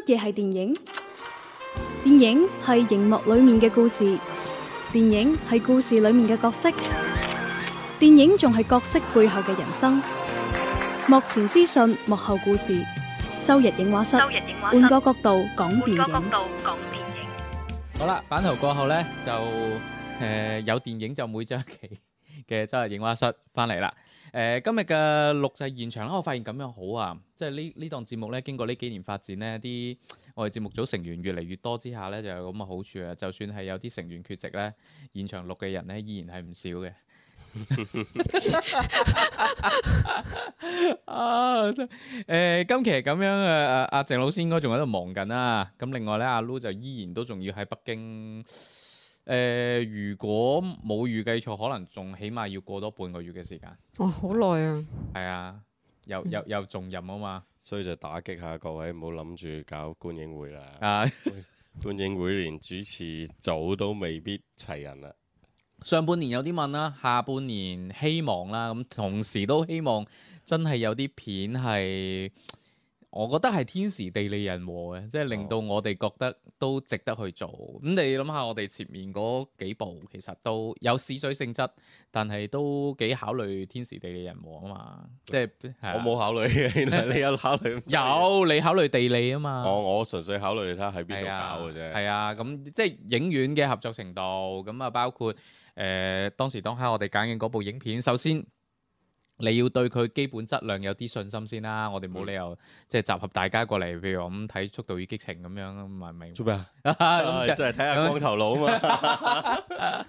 乜嘢係電影？電影係熒幕裏面嘅故事，電影係故事裏面嘅角色，電影仲係角色背後嘅人生。幕前資訊，幕後故事。周日影畫室，換個角度講電影。好啦，版圖過後咧，就誒有電影就每張期嘅周日影畫室翻嚟啦。誒、呃、今日嘅錄製現場啦，我發現咁樣好啊，即係呢呢檔節目咧，經過呢幾年發展呢啲我哋節目組成員越嚟越多之下咧，就有咁嘅好處啊。就算係有啲成員缺席咧，現場錄嘅人咧依然係唔少嘅、 啊呃。啊，誒今期咁樣誒阿阿鄭老師應該仲喺度忙緊啦、啊。咁、啊、另外咧，阿、啊、Lu 就依然都仲要喺北京。誒、呃，如果冇預計錯，可能仲起碼要過多半個月嘅時間。哇、哦，好耐啊！係啊，又、嗯、又又重任啊嘛，所以就打擊下各位，唔好諗住搞觀影會啦。啊， 觀影會連主持組都未必齊人啦。 上半年有啲問啦，下半年希望啦，咁同時都希望真係有啲片係。我覺得係天時地利人和嘅，即係令到我哋覺得都值得去做。咁、哦、你諗下，我哋前面嗰幾部其實都有試水性質，但係都幾考慮天時地利人和啊嘛。即係、啊、我冇考慮你有考慮？考慮 有，你考慮地利啊嘛。我我純粹考慮睇下喺邊度搞嘅啫。係啊，咁、啊、即係影院嘅合作程度，咁啊包括誒、呃、當時當刻我哋揀嘅嗰部影片，首先。你要對佢基本質量有啲信心先啦，我哋冇理由即係集合大家過嚟，譬如咁睇《速度與激情》咁樣，係咪？做咩啊？咁就係睇下光頭佬啊嘛！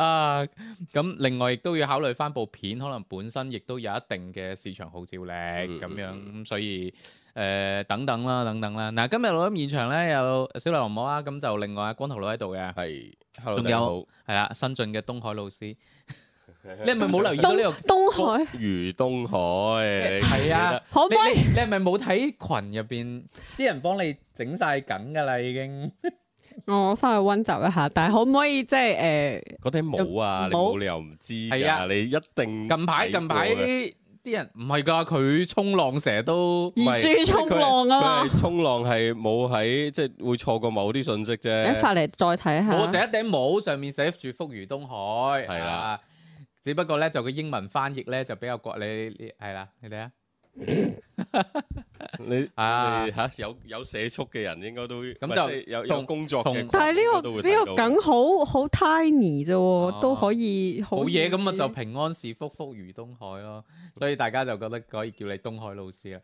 啊，咁另外亦都要考慮翻部片，可能本身亦都有一定嘅市場號召力咁樣，所以誒，等等啦，等等啦。嗱，今日錄音現場咧，有小流氓啊，咁就另外阿光頭佬喺度嘅，係，仲有係啦，新進嘅東海老師。你係咪冇留意到呢個？東海。福如東海。係啊，可唔可以？你係咪冇睇群入邊啲人幫你整晒梗噶啦？已經。我翻去溫習一下，但係可唔可以即係誒？嗰頂帽啊，帽你又唔知啊，你一定近排近排啲人唔係噶，佢衝浪成日都。而住衝浪啊嘛。衝浪係冇喺，即係會錯過某啲信息啫。發嚟再睇下。我就一頂帽上面寫住福如東海，係啦。只不過咧，就個英文翻譯咧，就比較國你係啦，你哋 啊，你，你啊嚇有有社畜嘅人應該都咁，就有工作、嗯，但係呢、呢個呢、呢個梗好好 tiny 啫，都可以、啊、好嘢。咁啊就平安是福，福如東海咯，所以大家就覺得可以叫你東海老師啦。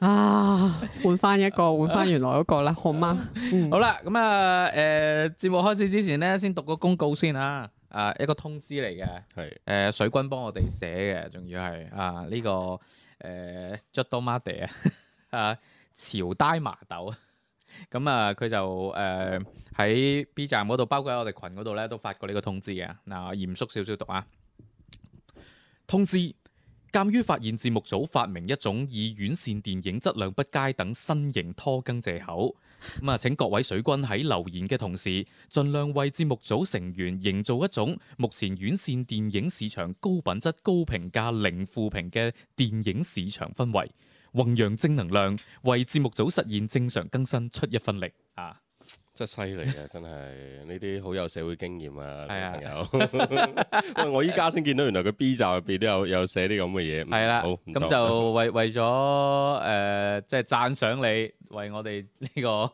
啊，換翻一個，換翻原來嗰個啦，啊、好嘛。嗯啊嗯、好啦，咁啊誒，節目開始之前咧，先讀個公告先啊。啊，一個通知嚟嘅，係是，誒、呃、水軍幫我哋寫嘅，仲要係啊呢個誒 Judo Monday 啊，這個呃、 啊潮呆麻豆，咁啊佢就誒喺、呃、B 站嗰度，包括喺我哋群嗰度咧，都發過呢個通知嘅，嗱嚴肅少少讀啊，通知。鑒於發現節目組發明一種以院線電影質量不佳等新型拖更借口，咁啊，請各位水軍喺留言嘅同時，盡量為節目組成員營造一種目前院線電影市場高品質、高評價、零負評嘅電影市場氛圍，弘揚正能量，為節目組實現正常更新出一分力啊！真係犀利啊！真係呢啲好有社會經驗啊，朋友。我依家先見到，原來個 B 站入邊都有有寫啲咁嘅嘢。係啦、啊，好，咁就為 為咗誒，即、呃、係、即係、讚賞你，為我哋呢、呢個。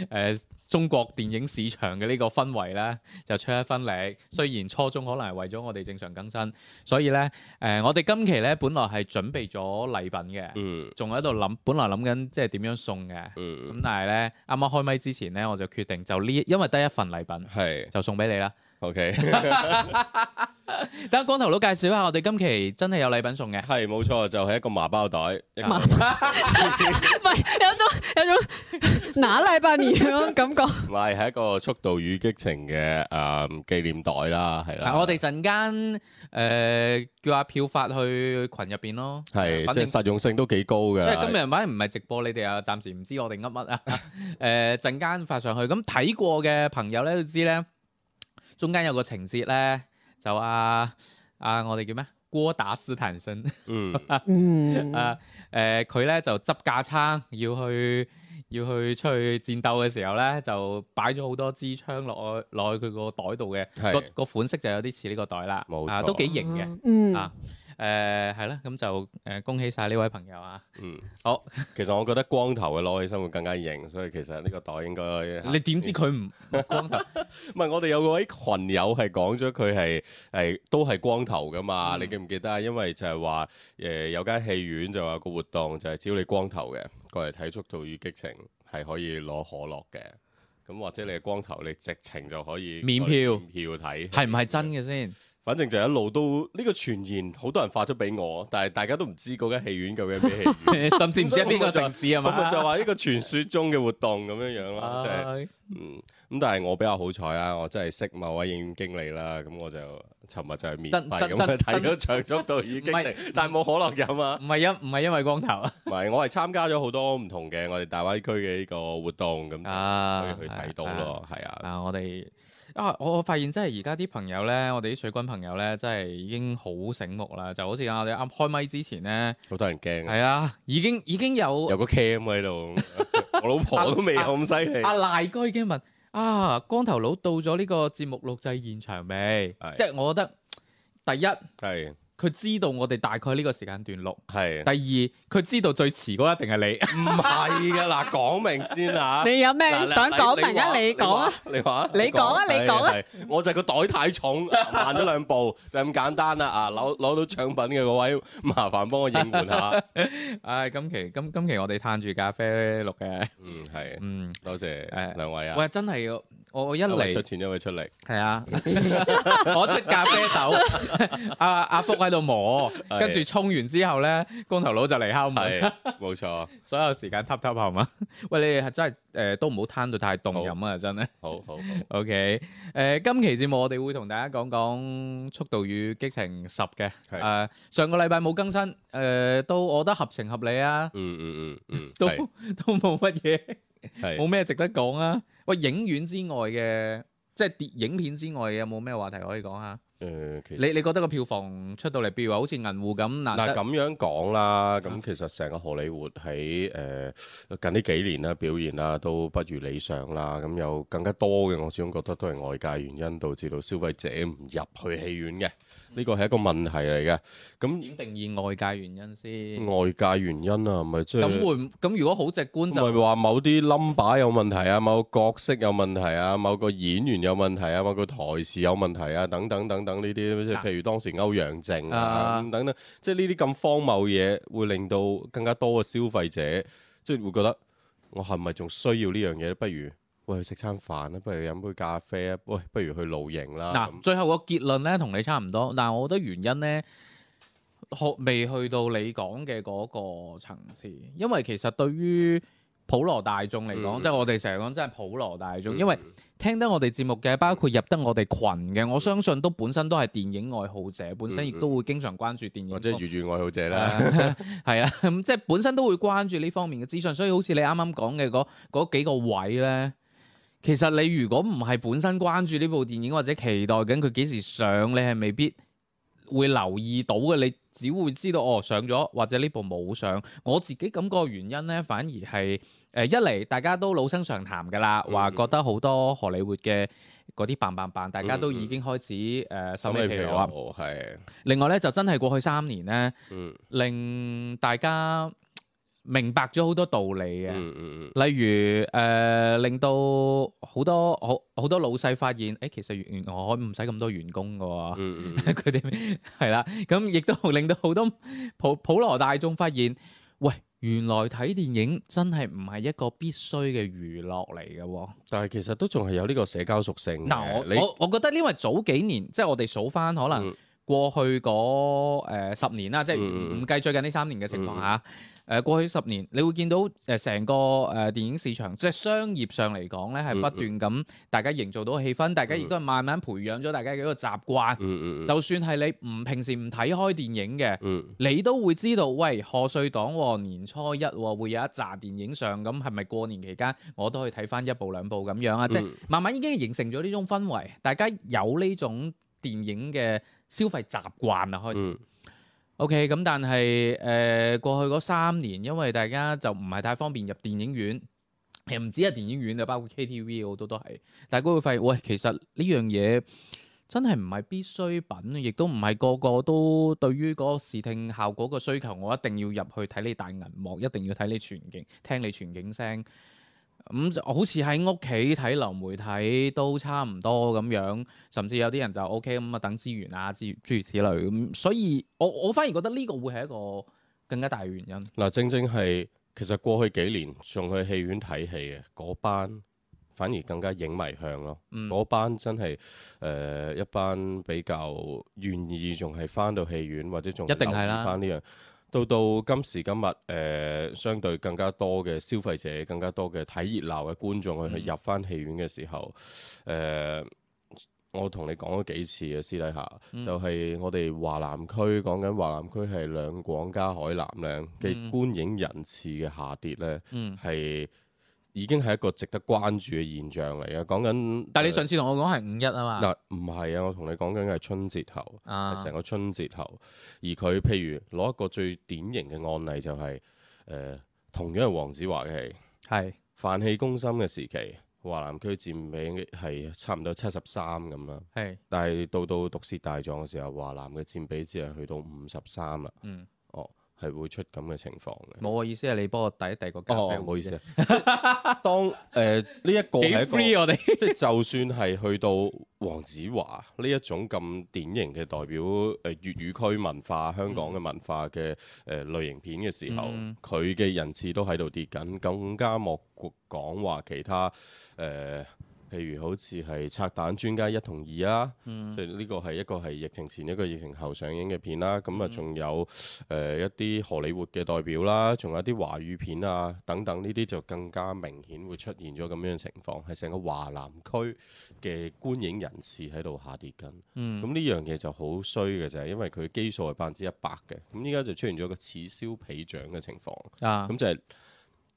誒、呃，中國電影市場嘅呢個氛圍呢，就出一分力。雖然初衷可能係為咗我哋正常更新，所以呢，誒、呃，我哋今期呢，本來係準備咗禮品嘅，仲喺度諗，本來諗緊即係點樣送嘅，咁、嗯、但係呢，啱啱開咪之前呢，我就決定就呢，因為得一份禮品，係，就送俾你啦。O Okay . K， 等光頭佬介紹下，我哋今期真係有禮品送嘅。係冇錯，就係、是、一個麻包袋，麻包、啊，唔係有種有種拿禮拜年咁感覺。唔 係，係一個速度與激情嘅誒紀念袋啦，係啦。我哋陣間誒叫阿票發去群入邊咯。係是，反正即係實用性都幾高嘅。因為今日反正唔係直播，你哋又暫時唔知我哋噏乜啊。誒，陣間、啊 呃、發上去，咁睇過嘅朋友咧都知咧。中間有個情節咧，就阿、啊、阿、啊、我哋叫咩？郭打斯坦森。 嗯啊誒，佢、呃、咧就執架撐要去要去出去戰鬥嘅時候咧，就擺咗好多支槍落去落去佢是個袋度嘅。係。個個款式就有啲似呢個袋啦。冇錯、啊、都幾型嘅。嗯。啊。誒係啦，咁就誒恭喜晒呢位朋友啊！嗯，好。其實我覺得光頭嘅攞起身會更加型，所以其實呢個袋應該 你點知佢唔光頭？唔係，我哋有位群友係講咗佢係係都係光頭噶嘛？嗯。你記唔記得？因為就係話誒有間戲院就話個活動就係只要你光頭嘅過嚟睇《速度與激情》係可以攞可樂嘅，咁或者你係光頭你直情就可以免票睇，係唔係真嘅先？反正就一路都呢、這個傳言，好多人發咗俾我，但係大家都唔知嗰間戲院究竟係咩戲院， 甚至唔知係邊個城市啊嘛。就話呢 個傳說中嘅活動咁樣樣咯，即係嗯。咁但係我比較好彩啦，我真係識某位影院經理啦，咁我就尋日就係免費咁睇咗《速度與激情》但係冇可樂飲啊！唔係因唔係因為光頭啊！唔係我係參加咗好多唔同嘅我哋大灣區嘅呢個活動咁，可以去睇到咯，係啊！嗱，我哋啊，啊，啊，我啊我發現真係而家啲朋友咧，我哋啲水軍朋友咧，真係已經好醒目啦，就好似我哋啱開咪之前咧，好多人驚係啊！已經已經有有個 cam 喺度， 我老婆都未咁犀利，阿、啊、賴、啊啊啊啊、哥已經問。啊！光頭佬到咗呢個節目錄製現場未？即係是我覺得第一。佢知道我哋大概呢個時間段錄，係。第二佢知道最遲嗰一定係你，唔係㗎嗱，講明先嚇。你有咩想講？突然間你講啊？你話？你講啊？你講啊？我就係個袋太重，慢咗兩步，就咁簡單啦啊！攞攞到獎品嘅嗰位，麻煩幫我應援下。唉，今期今今期我哋嘆住咖啡錄嘅，嗯係，嗯多謝誒兩位啊。喂，真係要～我一嚟出錢，因為出力係啊，我出咖啡豆，阿阿福喺度磨，跟住沖完之後咧，光頭佬就嚟敲門，冇錯，所有時間 top top 係嘛？喂你哋係真係誒，都唔好攤到太凍噉啊！真係，好好好，OK，誒，今期節目我哋會同大家講講《速度與激情十》嘅，誒上個禮拜冇更新，誒都我覺得合情合理啊，嗯嗯嗯嗯，都都冇乜嘢。冇咩是值得講啊！喂，影院之外嘅，即係影片之外嘅，有冇咩話題可以講下、啊？誒、呃，其你你覺得個票房出到嚟，譬如話好似銀護咁嗱，咁、呃、樣講啦。咁、呃、其實成個荷里活喺誒、呃、近呢幾年啦，表現啦都不如理想啦。咁有更加多嘅，我始終覺得都係外界原因導致到消費者唔入去戲院嘅。呢個係一個問題嚟嘅，咁點定義外界原因先？外界原因啊，咪即係咁會？咁如果好直觀就唔係話某啲 number 有問題啊，某個角色有問題啊，某個演員有問題啊，某個台詞有問題啊，等等等等呢啲，即係譬如當時歐陽靖啊，啊等等，即係呢啲咁荒謬嘢，會令到更加多嘅消費者即係、就是、會覺得我係咪仲需要呢樣嘢？不如。喂，去食餐飯啦，不如飲杯咖啡啊！喂，不如去露營啦。嗱、啊，最後個結論咧，同你差唔多。但係我覺得原因咧，學未去到你講嘅嗰個層次，因為其實對於普羅大眾嚟講，即係、嗯、我哋成日講，真係普羅大眾。嗯、因為聽得我哋節目嘅，嗯、包括入得我哋群嘅，我相信都本身都係電影愛好者，本身亦都會經常關注電影。或者係粵語愛好者啦，係 啊，即、就、係、是、本身都會關注呢方面嘅資訊。所以好似你啱啱講嘅嗰嗰幾個位咧。其實你如果唔係本身關注呢部電影，或者期待緊佢幾時上，你係未必會留意到嘅。你只會知道哦，上咗，或者呢部冇上。我自己感覺原因呢，反而係誒、呃、一嚟大家都老生常談㗎啦，話、嗯、覺得好多荷里活嘅嗰啲棒棒棒，大家都已經開始誒收尾期。哦，係。另外呢，就真係過去三年呢，嗯、令大家明白咗好多道理嘅，嗯嗯、例如誒、呃、令到好多好好多老細發現，誒、欸、其實原來我唔使咁多員工㗎喎，佢哋係啦，咁、嗯、亦 都令到好多普普，普羅大眾發現，喂，原來睇電影真係唔係一個必須嘅娛樂嚟㗎喎。但係其實都仲係有呢個社交屬性。嗱，我你我我覺得因為早幾年即係我哋數翻可能、嗯。過去嗰、呃、十年啦，即係唔計最近呢三年嘅情況嚇。誒、嗯啊、過去十年，你會見到誒成個誒、呃、電影市場，即係商業上嚟講咧，係不斷咁大家營造到氣氛，嗯、大家亦都係慢慢培養咗大家嘅一個習慣。嗯嗯、就算係你唔平時唔睇開電影嘅，嗯、你都會知道，喂，賀歲檔年初一會有一扎電影上，咁係咪過年期間我都可以睇翻一部兩部咁樣啊？即係慢慢已經形成咗呢種氛圍，大家有呢種電影嘅。消費習慣啊，開始。O K，咁但係誒、呃、過去嗰三年，因為大家就唔係太方便入電影院，誒唔止係電影院啊，包括 K T V 好多都係。但係嗰個費，喂，其實呢樣嘢真係唔係必需品，亦都唔係個個都對於嗰視聽效果個需求，我一定要入去睇你大銀幕，一定要睇你全景，聽你全景聲。咁、嗯、好似喺屋企睇流媒體都差唔多咁樣，甚至有啲人就 OK 咁啊等資源啊之諸如此類咁，所以我我反而覺得呢個會係一個更加大原因。嗱，正正係其實過去幾年仲去戲院睇戲嘅嗰班，反而更加影迷向咯。嗰、嗯、班真係誒、呃、一班比較願意仲係翻到戲院或者仲一定係啦翻呢樣。到到今時今日，誒、呃、相對更加多嘅消費者，更加多嘅睇熱鬧嘅觀眾去入翻戲院嘅時候，誒、嗯呃、我同你講咗幾次嘅私底下，嗯、就係我哋華南區講緊華南區係兩廣加海南咧嘅、嗯、觀影人次嘅下跌咧，係、嗯。已經係一個值得關注嘅現象嚟嘅，講緊，但係你上次同我講係五一啊嘛？嗱、啊，唔係啊，我同你講緊嘅係春節頭，係成、啊、個春節頭，而佢譬如攞一個最典型嘅案例就係、是，誒、呃，同樣係黃子華嘅戲，係是，飯氣攻心嘅時期，華南區佔比係差唔多七十三咁啦，係是，但係到到毒舌大狀嘅時候，華南嘅佔比只係去到五十三啦，嗯，哦。係會出咁嘅情況嘅。冇啊！意思係你幫我遞一遞個，唔好意思啊。當誒呢一個係一個即係就算係去到黃子華呢一種咁典型嘅代表誒粵、呃、語區文化、香港嘅文化嘅誒、呃、類型片嘅時候，佢嘅、嗯、人次都喺度跌緊，更加莫講話其他誒。呃譬如好似係拆彈專家一同二啦，即係呢個係一個係疫情前一個疫情後上映嘅片啦，咁啊仲有誒、呃、一啲荷里活嘅代表啦，仲有啲華語片啊等等，呢啲就更加明顯會出現咗咁樣嘅情況，係成個華南區嘅觀影人次喺度下跌緊。咁呢、嗯、樣嘢就好衰嘅就係，因為佢嘅基數係百分之一百嘅，咁依家就出現咗個此消彼長嘅情況，咁、啊、就係、是。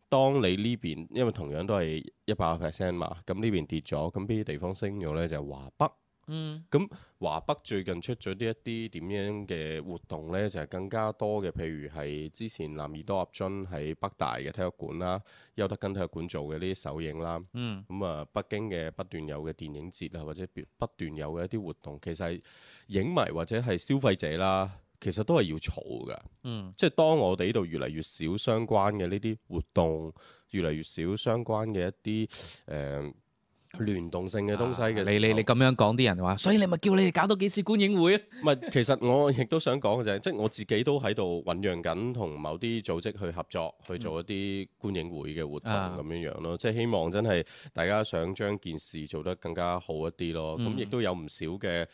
當你呢邊，因為同樣都係一百個 percent 嘛，咁呢邊跌咗，咁邊啲地方升咗呢，就係、華北。嗯。咁華北最近出咗啲一啲點樣嘅活動呢，就係、是、更加多嘅，譬如係之前南爾多合樽喺北大嘅體育館啦、邱德根體育館做嘅呢啲首映啦。嗯。咁啊，北京嘅不斷有嘅電影節啊，或者不斷有嘅一啲活動，其實影迷或者係消費者啦。其實都係要籌㗎，嗯，即係當我哋呢度越嚟越少相關嘅呢啲活動，越嚟越少相關嘅一啲誒、呃、聯動性嘅東西嘅、啊。你你你咁樣講啲人話，所以，所以你咪叫你哋搞多幾次觀影會啊？唔 係，其實我亦都想講嘅就係，即係我自己都喺度醞釀緊，同某啲組織去合作，去做一啲觀影會嘅活動咁、嗯、樣這樣咯。即係希望真係大家想將件事做得更加好一啲咯。咁亦都有唔少嘅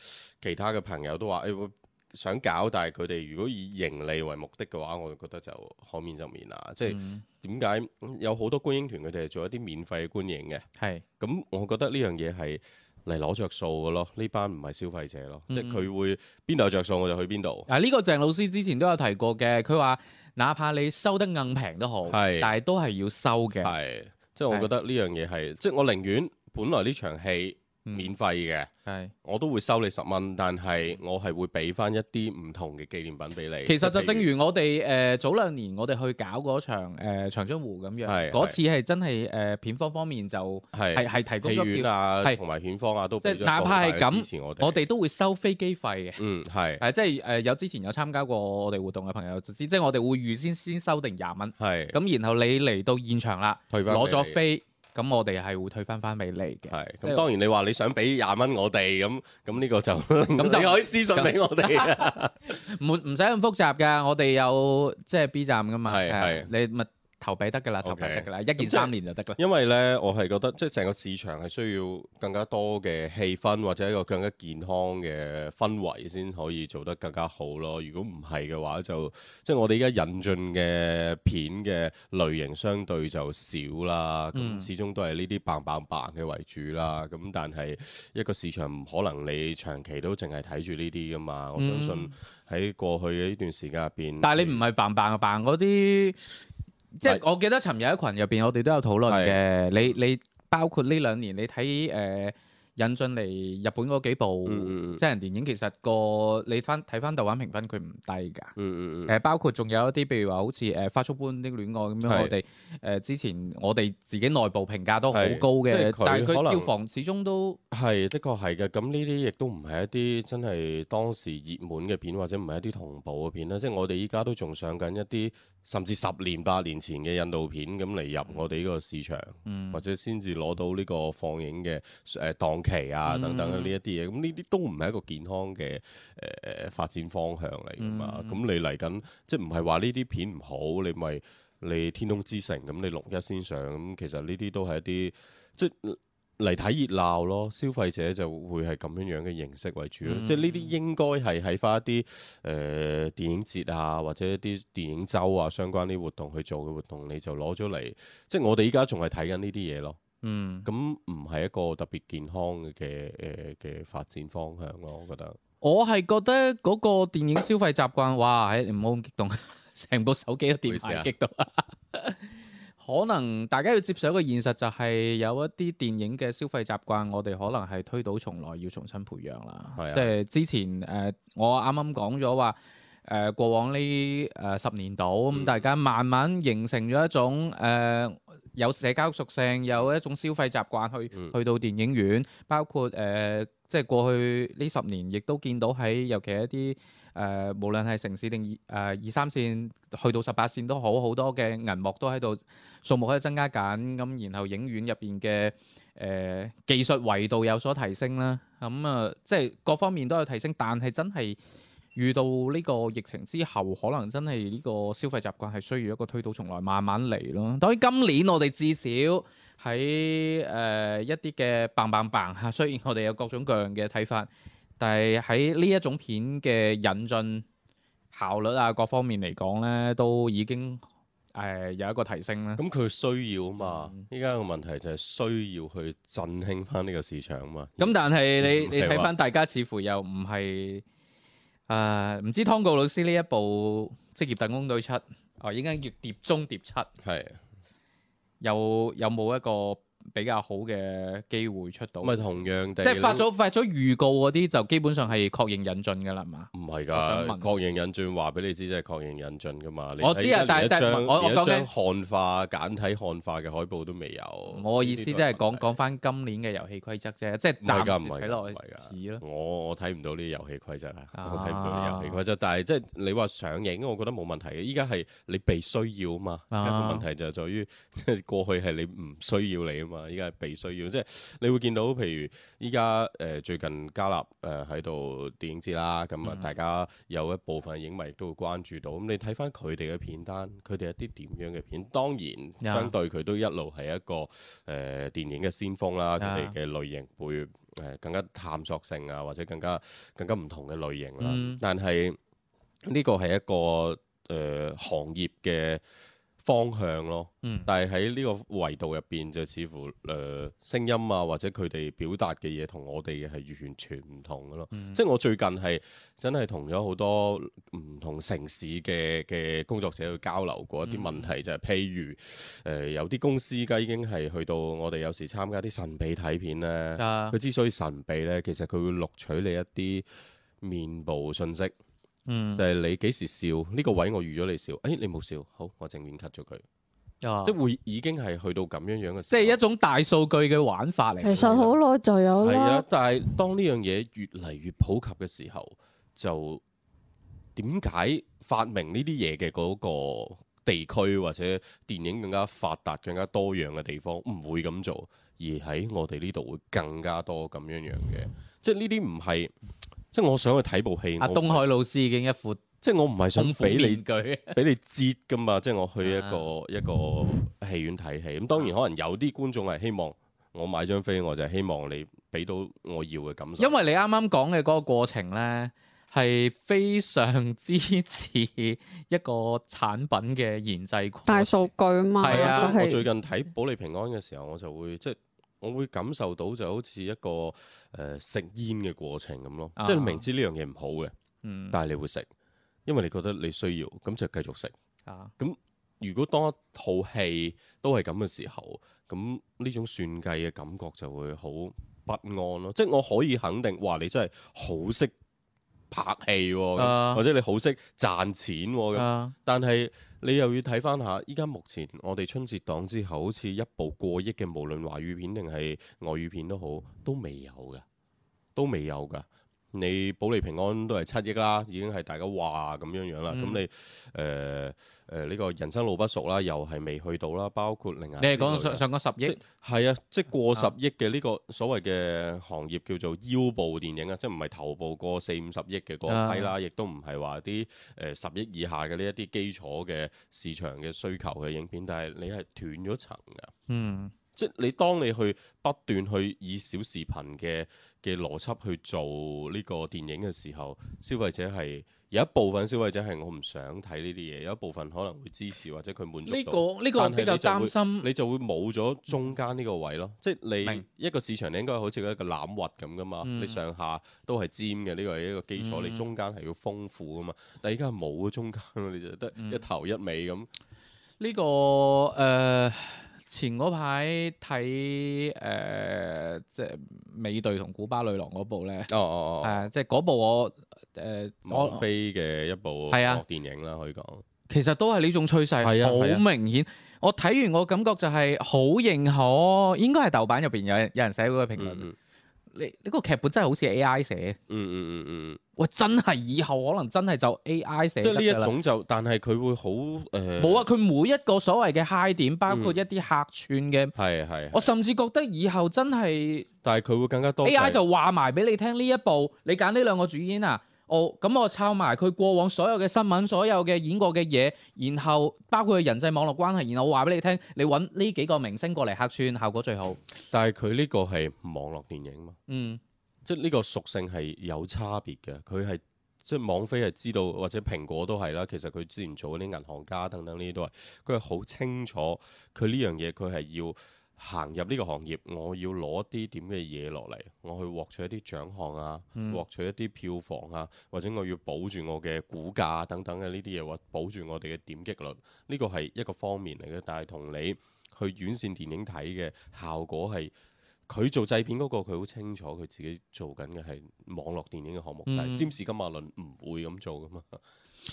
其他嘅朋友都話誒。嗯想搞，但係佢哋如果以盈利為目的嘅話，我就覺得就可免就免啦。即係點解有好多觀影團佢哋係做一啲免費觀影嘅？係是。咁我覺得呢樣嘢係嚟攞着數嘅咯。呢班唔係消費者咯，嗯、即係佢會邊度有着數我就去邊度。嗱、啊，呢、呢個鄭老師之前都有提過嘅，佢話哪怕你收得硬平都好，係是，但係都係要收嘅。係，即係是我覺得呢樣嘢係，即係我寧願本來呢場戲，免費嘅，係我都會收你十蚊，但係我係會俾翻一啲唔同嘅紀念品俾你。其實就正如我哋誒早兩年我哋去搞嗰場誒長津湖咁樣，嗰次係真係誒片方方面就係係提供咗票啊，同埋片方啊都即係哪怕係咁，我哋都會收飛機費嘅。嗯，係係即係誒有之前有參加過我哋活動嘅朋友就知，即係我哋會預先先收定廿蚊，係咁然後你嚟到現場啦，攞咗飛。咁我哋係會退翻翻俾你嘅。係，咁當然你話你想俾廿蚊我哋，咁咁呢個就，咁就 可以私信俾我哋啊。唔唔使咁複雜㗎，我哋有即係、就是、B 站㗎嘛。係係，你咪，投幣得噶啦，okay, 投幣得噶啦，一件三年就得。因為咧，我係覺得即係成個市場係需要更加多嘅氣氛，或者一個更加健康嘅氛圍先可以做得更加好咯。如果唔係嘅話就，就即係我哋依家引進嘅片嘅類型相對就少啦。咁、嗯、始終都係呢啲棒棒棒」嘅為主啦。咁但係一個市場唔可能你長期都淨係睇住呢啲㗎嘛。嗯、我相信喺過去嘅呢段時間入邊，但係你唔係棒棒棒嗰啲。即係我記得，尋日喺群入邊，我哋都有討論嘅。是的 你你包括呢兩年你，你睇誒。引進嚟日本嗰幾部真人電影，其實個你翻睇翻豆瓣評分，佢唔低㗎。誒，包括仲有一啲，譬如話好似誒《發束般的戀愛》咁樣，我哋誒之前我哋自己內部評價都好高嘅。但係佢票房始終都係的確係嘅。咁呢啲亦都唔係一啲真係當時熱門嘅片，片，或者唔係一啲同步嘅片啦。即係我哋依家都仲上緊一啲甚至十年、八年前嘅印度片咁嚟入我哋呢個市場，或者先至攞到呢個放映嘅誒檔。嗯嗯期啊，嗯、等等呢一啲嘢，咁呢啲都唔係一個健康嘅，誒誒發展方向嚟噶嘛？咁、嗯、你嚟緊，即係唔係話呢啲片唔好，你咪、就是、你《天空之城》咁，你六一先上，咁其實呢啲都係一啲即係嚟睇熱鬧咯。消費者就會係咁樣樣嘅形式為主咯。嗯、即係呢啲應該係喺返一啲誒、呃、電影節啊，或者一啲電影周啊，相關啲活動去做嘅活動，你就攞咗嚟。即係我哋依家仲係睇緊呢啲嘢咯。嗯，咁唔係一個特別健康嘅誒嘅發展方向咯，我覺得。我係覺得嗰個電影消費習慣，哇，誒唔好咁激動，成部手機都電晒，啊、激動 可能大家要接受一個現實，就是，就係有一啲電影嘅消費習慣，我哋可能係推倒重來，要重新培養啦。係啊。即係之前誒、呃，我啱啱講咗話。誒、呃、過往呢誒十年度，咁、嗯、大家慢慢形成咗一種誒、呃、有社交屬性，有一種消費習慣去、嗯、去到電影院，包括誒即係過去呢十年，亦都見到喺尤其一啲誒、呃，無論係城市定誒二、呃、二三線去到十八線都好，好多嘅銀幕都喺度數目喺度增加緊，咁、嗯、然後影院入邊嘅誒技術維度有所提升啦，咁啊即係各方面都有提升，但係真係。遇到呢個疫情之後，可能真係呢個消費習慣係需要一個推倒重來，慢慢嚟咯。當然今年我哋至少喺誒、呃、一啲嘅棒棒棒吓，雖然我哋有各種各樣嘅睇法，但係喺呢一種片嘅引進效率啊各方面嚟講呢，都已經誒、呃、有一個提升啦。咁佢需要啊嘛，依家個問題就係需要去振興翻呢個市場啊嘛。咁、嗯嗯、但係你你睇翻大家似乎又唔係。誒唔、uh, 知湯告老師呢一部《職業特工隊七》哦，而家叫碟中諜七，係的有有冇一個？比較好嘅機會出到，咪同樣即係發咗發咗預告嗰啲就基本上係確認引進嘅啦，係嘛？唔係㗎，確認引進話俾你知即係確認引進㗎嘛？我知啊，但係我我講緊漢化簡體漢化嘅海報都未有。我嘅意思即係講講翻今年嘅遊戲規則啫，即係暫時睇落係咯。我我睇唔到呢遊戲規則啊，睇唔到呢遊戲規則。但係即係你話上映，我覺得冇問題嘅。依家係你被需要啊嘛，一個問題就係在於過去係你唔需要你啊嘛，依家係必須要，即係你會見到，譬如依家誒最近加納誒喺度電影節啦，咁啊大家有一部分影迷都會關注到。咁你睇翻佢哋嘅片單，佢哋一啲點樣嘅片，當然相對佢都一路係一個誒、呃、電影嘅先鋒啦。佢哋嘅類型會誒、呃、更加探索性啊，或者更加更加唔同嘅類型啦。嗯、但係呢個係一個誒、呃、行業嘅方向咯，嗯、但係喺呢個維度入邊就似乎誒、呃、聲音啊，或者佢哋表達嘅嘢同我哋係完全唔同嘅咯。嗯、即係我最近係真係同咗好多唔同城市嘅嘅工作者去交流過一啲問題，就係譬如誒、呃、有啲公司而家已經係去到我哋有時參加啲神秘睇片咧，佢之、嗯、所以神秘咧，其實佢會錄取你一啲面部信息。嗯，就係你幾時笑呢、呢個位我預咗你笑，哎你冇笑，好，我正面 cut 咗佢，哦、即係會已經係去到咁樣樣嘅時候，即係一種大數據嘅玩法嚟。其實好耐就有啦，但係當呢樣嘢越嚟越普及嘅時候，就點解發明呢啲嘢嘅嗰個地區或者電影更加發達、更加多樣嘅地方唔會咁做，而喺我哋呢度會更加多咁樣樣嘅。即係呢啲唔係，即係我想去睇部戲。阿東海老師已經一副即係我唔係想俾你俾你折㗎嘛， 即係我去一個、啊、一個戲院睇戲。咁當然可能有啲觀眾係希望我買張飛，我就希望你俾到我要嘅感受。因為你啱啱講嘅嗰個過程咧，係非常之似一個產品嘅研製過程，大數據啊嘛。係啊，就是、我最近睇保你平安嘅時候，我就會即係。我會感受到就好似一個誒、呃、食煙嘅過程咁咯，啊、即係你明知呢樣嘢唔好嘅，嗯、但係你會食，因為你覺得你需要，咁就繼續食。咁、啊、如果當一套戲都係咁嘅時候，咁呢種算計嘅感覺就會好不安咯。即係我可以肯定話，你真係好識拍戲，啊、或者你好識賺錢咁，啊、但係你又要睇翻下，依家目前我哋春節檔之後，好似一部過億嘅，無論華語片定係外語片都好，都未有㗎，都未有㗎。你保利平安都係七億啦，已經係大家話咁樣樣啦。咁、嗯、你誒誒呢個人生路不熟啦，又係未去到啦。包括另外你講上上講十億，係啊，即係過十億嘅呢個所謂嘅行業叫做腰部電影啊，即係唔係頭部過四五十億嘅嗰批啦，亦都唔係話啲誒十億以下嘅呢一啲基礎嘅市場嘅需求嘅影片，但係你係斷咗層㗎。嗯。即係你當你去不斷去以小視頻嘅嘅邏輯去做呢個電影嘅時候，消費者係有一部分消費者係我唔想睇呢啲嘢，有一部分可能會支持或者佢滿足呢、呢個呢、呢個我比較擔心。你就會冇咗心中間呢個位咯，即係你一個市場，你應該好似一個欖核咁㗎嘛，嗯、你上下都係尖嘅，呢、呢個係一個基礎，嗯、你中間係要豐富㗎嘛。但係而家冇咗中間，你就得一頭一尾咁。呢、嗯呢個誒。呃前嗰排睇誒即係美隊同古巴女郎嗰部咧，誒、哦哦呃、即係嗰部我誒王菲嘅一部電影啦，我啊、可以講。其實都係呢種趨勢，好、啊啊、明顯。我睇完我感覺就係好認可，應該係豆瓣入邊有有人寫嗰個評論。嗯你你個劇本真係好似 AI 寫，嗯嗯嗯嗯，喂、嗯嗯，真係以後可能真係就 AI 寫就，即係呢一種就，但係佢會好誒，冇、呃、啊，佢每一個所謂嘅 high 點，包括一啲客串嘅，係係、嗯，我甚至覺得以後真係，但係佢會更加多，AI 就話埋俾你聽呢一部，你揀呢兩個主演啊。哦，咁、oh, 我抄埋佢過往所有嘅新聞，所有嘅演過嘅嘢，然後包括佢人際網絡關係，然後我話俾你聽，你揾呢幾個明星過嚟客串效果最好。但係佢呢個係網絡電影嘛？嗯，即係呢個屬性係有差別嘅。佢係即係網飛係知道，或者蘋果都係啦。其實佢之前做嗰啲銀行家等等呢啲都係，佢係好清楚佢呢樣嘢佢係要。行入呢個行業，我要攞啲點嘅嘢落嚟，我去獲取一啲獎項啊，嗯、獲取一啲票房啊，或者我要保住我嘅股價等等嘅呢啲嘢，或保住我哋嘅點擊率，呢個係一個方面嚟嘅。但係同你去院線電影睇嘅效果係，佢做製片嗰個佢好清楚，佢自己做緊嘅係網絡電影嘅項目。嗯、但係《占士金馬倫》唔會咁做㗎嘛。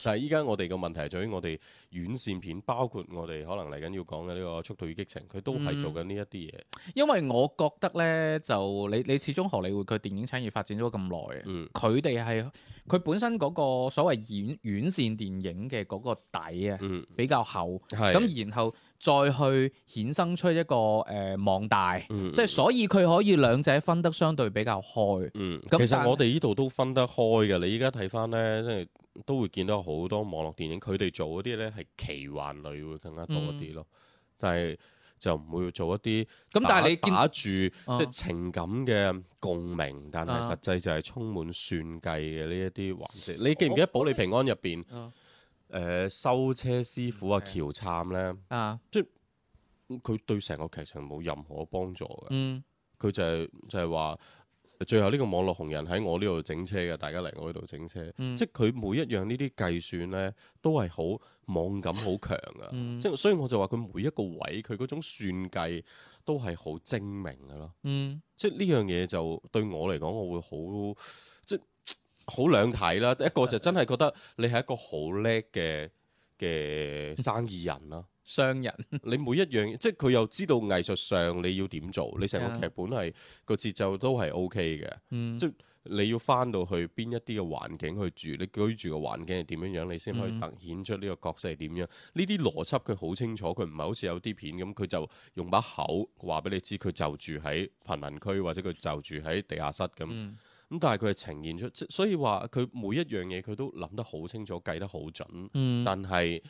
但係依家我哋個問題係，對於我哋遠線片，包括我哋可能嚟緊要講嘅呢個《速度與激情》，佢都係做緊呢一啲嘢。因為我覺得呢，就你你始終荷里活佢電影產業發展咗咁耐，佢哋係佢本身嗰個所謂遠遠線電影嘅嗰個底啊，比較厚。咁、嗯、然後。再去衍生出一個誒網、呃、大，嗯、即係所以佢可以兩者分得相對比較開。嗯，但其實我哋呢度都分得開嘅。你依家睇翻呢，即係都會見到好多網絡電影，佢哋做嗰啲呢係奇幻類會更加多啲咯。嗯、但係就唔會做一啲咁。但係你打住即係情感嘅共鳴，啊、但係實際就係充滿算計嘅呢一啲環節。啊、你記唔記得《保你平安面》入邊、啊？啊誒、呃、修車師傅的啊，喬杉呢，即佢對成個劇情冇任何幫助嘅。佢、嗯、就係、是、就係、是、話最後呢個網絡紅人喺我呢度整車嘅，大家嚟我呢度整車。嗯、即係佢每一樣呢啲計算呢都係好網感好強嘅。嗯、即係所以我就話佢每一個位佢嗰種算計都係好精明嘅咯。嗯嗯、即係呢樣嘢就對我嚟講，我會好即好兩睇啦，一個就真係覺得你係一個好叻嘅嘅生意人啦， 商人。 你每一樣即係佢又知道藝術上你要點做，你成個劇本係 Yeah. 個節奏都係 O K 嘅。嗯、即係你要翻到去邊一啲嘅環境去住，你居住嘅環境係點樣樣，你先可以凸顯出呢個角色係點樣。呢啲、嗯、邏輯佢好清楚，佢唔係好似有啲片咁，佢就用把口話俾你知，佢就住喺貧民區或者佢就住喺地下室咁。嗯咁但係佢係呈現出，即所以話佢每一樣嘢佢都諗得好清楚，計得好準。嗯、但係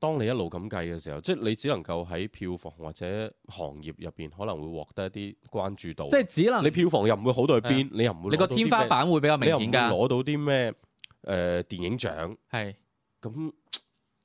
當你一路咁計嘅時候，即係你只能夠喺票房或者行業入邊可能會獲得一啲關注度。即係只能你票房又唔會好到去邊，的你又唔會你個天花板會比較明顯㗎。攞到啲咩？誒、呃，電影獎係。咁的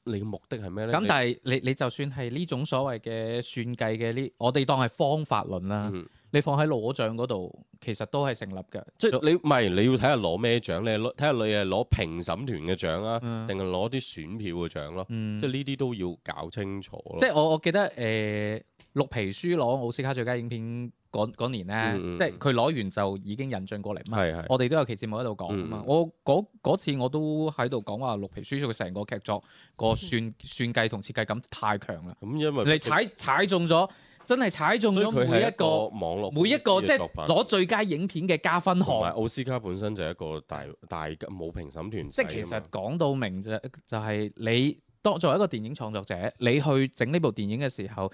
你嘅目的係咩咧？咁但係是你你就算係呢種所謂嘅算計嘅呢，我哋當係方法論啦。嗯你放喺攞獎嗰度，其實都係成立嘅。即係你唔係你要睇下攞咩獎，嗯、你係攞睇下你係攞評審團嘅獎啊，定係攞啲選票嘅獎咯？嗯、即係呢啲都要搞清楚咯。即係我我記得誒，呃《綠皮書》攞奧斯卡最佳影片嗰年咧，嗯、即係佢攞完就已經引進過嚟嘛。係係我哋都有期節目喺度講啊嘛。嗯、我嗰次我都喺度講話，《綠皮書》佢成個劇作個算 算計同設計感太強啦。咁因為你踩踩中咗。真係踩中咗每一個網絡，每一個即係攞最佳影片嘅加分項。唔係奧斯卡本身就係一個大大冇評審團。即係其實講到明就就係你當作為一個電影創作者，你去整呢部電影嘅時候，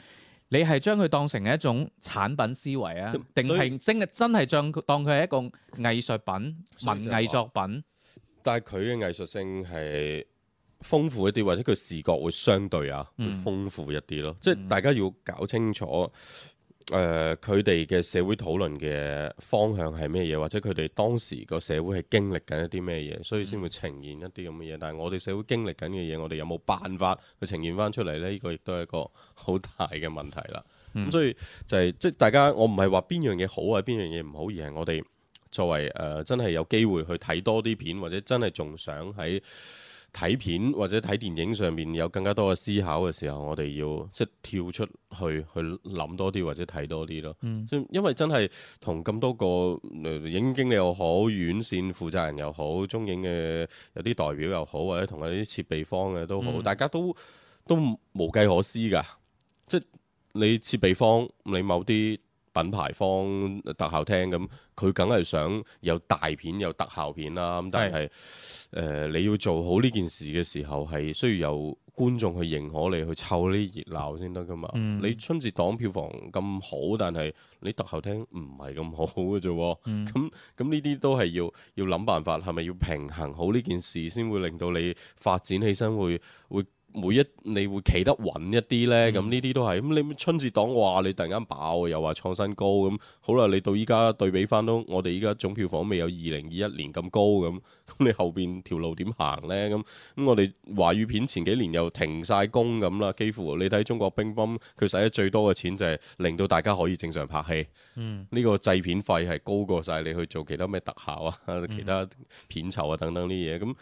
你係將佢當成係一種產品思維啊，定係真真係將佢當佢係一個藝術品、文藝作品？但係佢嘅藝術性係。豐富一啲，或者佢視覺會相對啊，嗯、會豐富一啲咯。即係大家要搞清楚，誒佢哋嘅社會討論嘅方向係咩嘢，或者佢哋當時個社會係經歷緊一啲咩嘢，所以先會呈現一啲咁嘅嘢。但係我哋社會經歷緊嘅嘢，我哋有冇辦法去呈現翻出嚟呢？呢、呢個亦都係一個好大嘅問題啦。咁、嗯、所以就係、是、即係大家，我唔係話邊樣嘢好啊，邊樣嘢唔好，而係我哋作為誒、呃、真係有機會去睇多啲片，或者真係仲想喺。睇片或者睇電影上面有更加多嘅思考嘅時候，我哋要即係跳出去去諗多啲或者睇多啲咯。即、嗯、因為真係同咁多個影經理又好，院線負責人又好，中影嘅有啲代表又好，或者同嗰啲設備方嘅都好，嗯、大家都都無計可施㗎，即係你設備方，你某啲。品牌方特效廳，咁，佢梗係想有大片有特效片啦。咁但係誒是、呃，你要做好呢件事嘅時候，係需要有觀眾去認可你，去湊呢熱鬧先得噶嘛。嗯、你春節檔票房咁好，但係你特效廳唔係咁好嘅啫。咁咁呢啲都係要要諗辦法，係咪要平衡好呢件事先會令到你發展起身會。會？每一你會企得穩一啲呢。咁呢啲都係。咁你春節檔哇，你突然間爆，又話創新高咁。好啦，你到依家對比翻都，我哋依家總票房未有二零二一年咁高咁。咁你後邊條路點行呢？咁咁我哋華語片前幾年又停晒工咁啦，幾乎你睇中國乒乓，佢使咗最多嘅錢就係令到大家可以正常拍戲。嗯，呢個製片費係高過晒你去做其他咩特效啊、其他片酬啊等等啲嘢咁。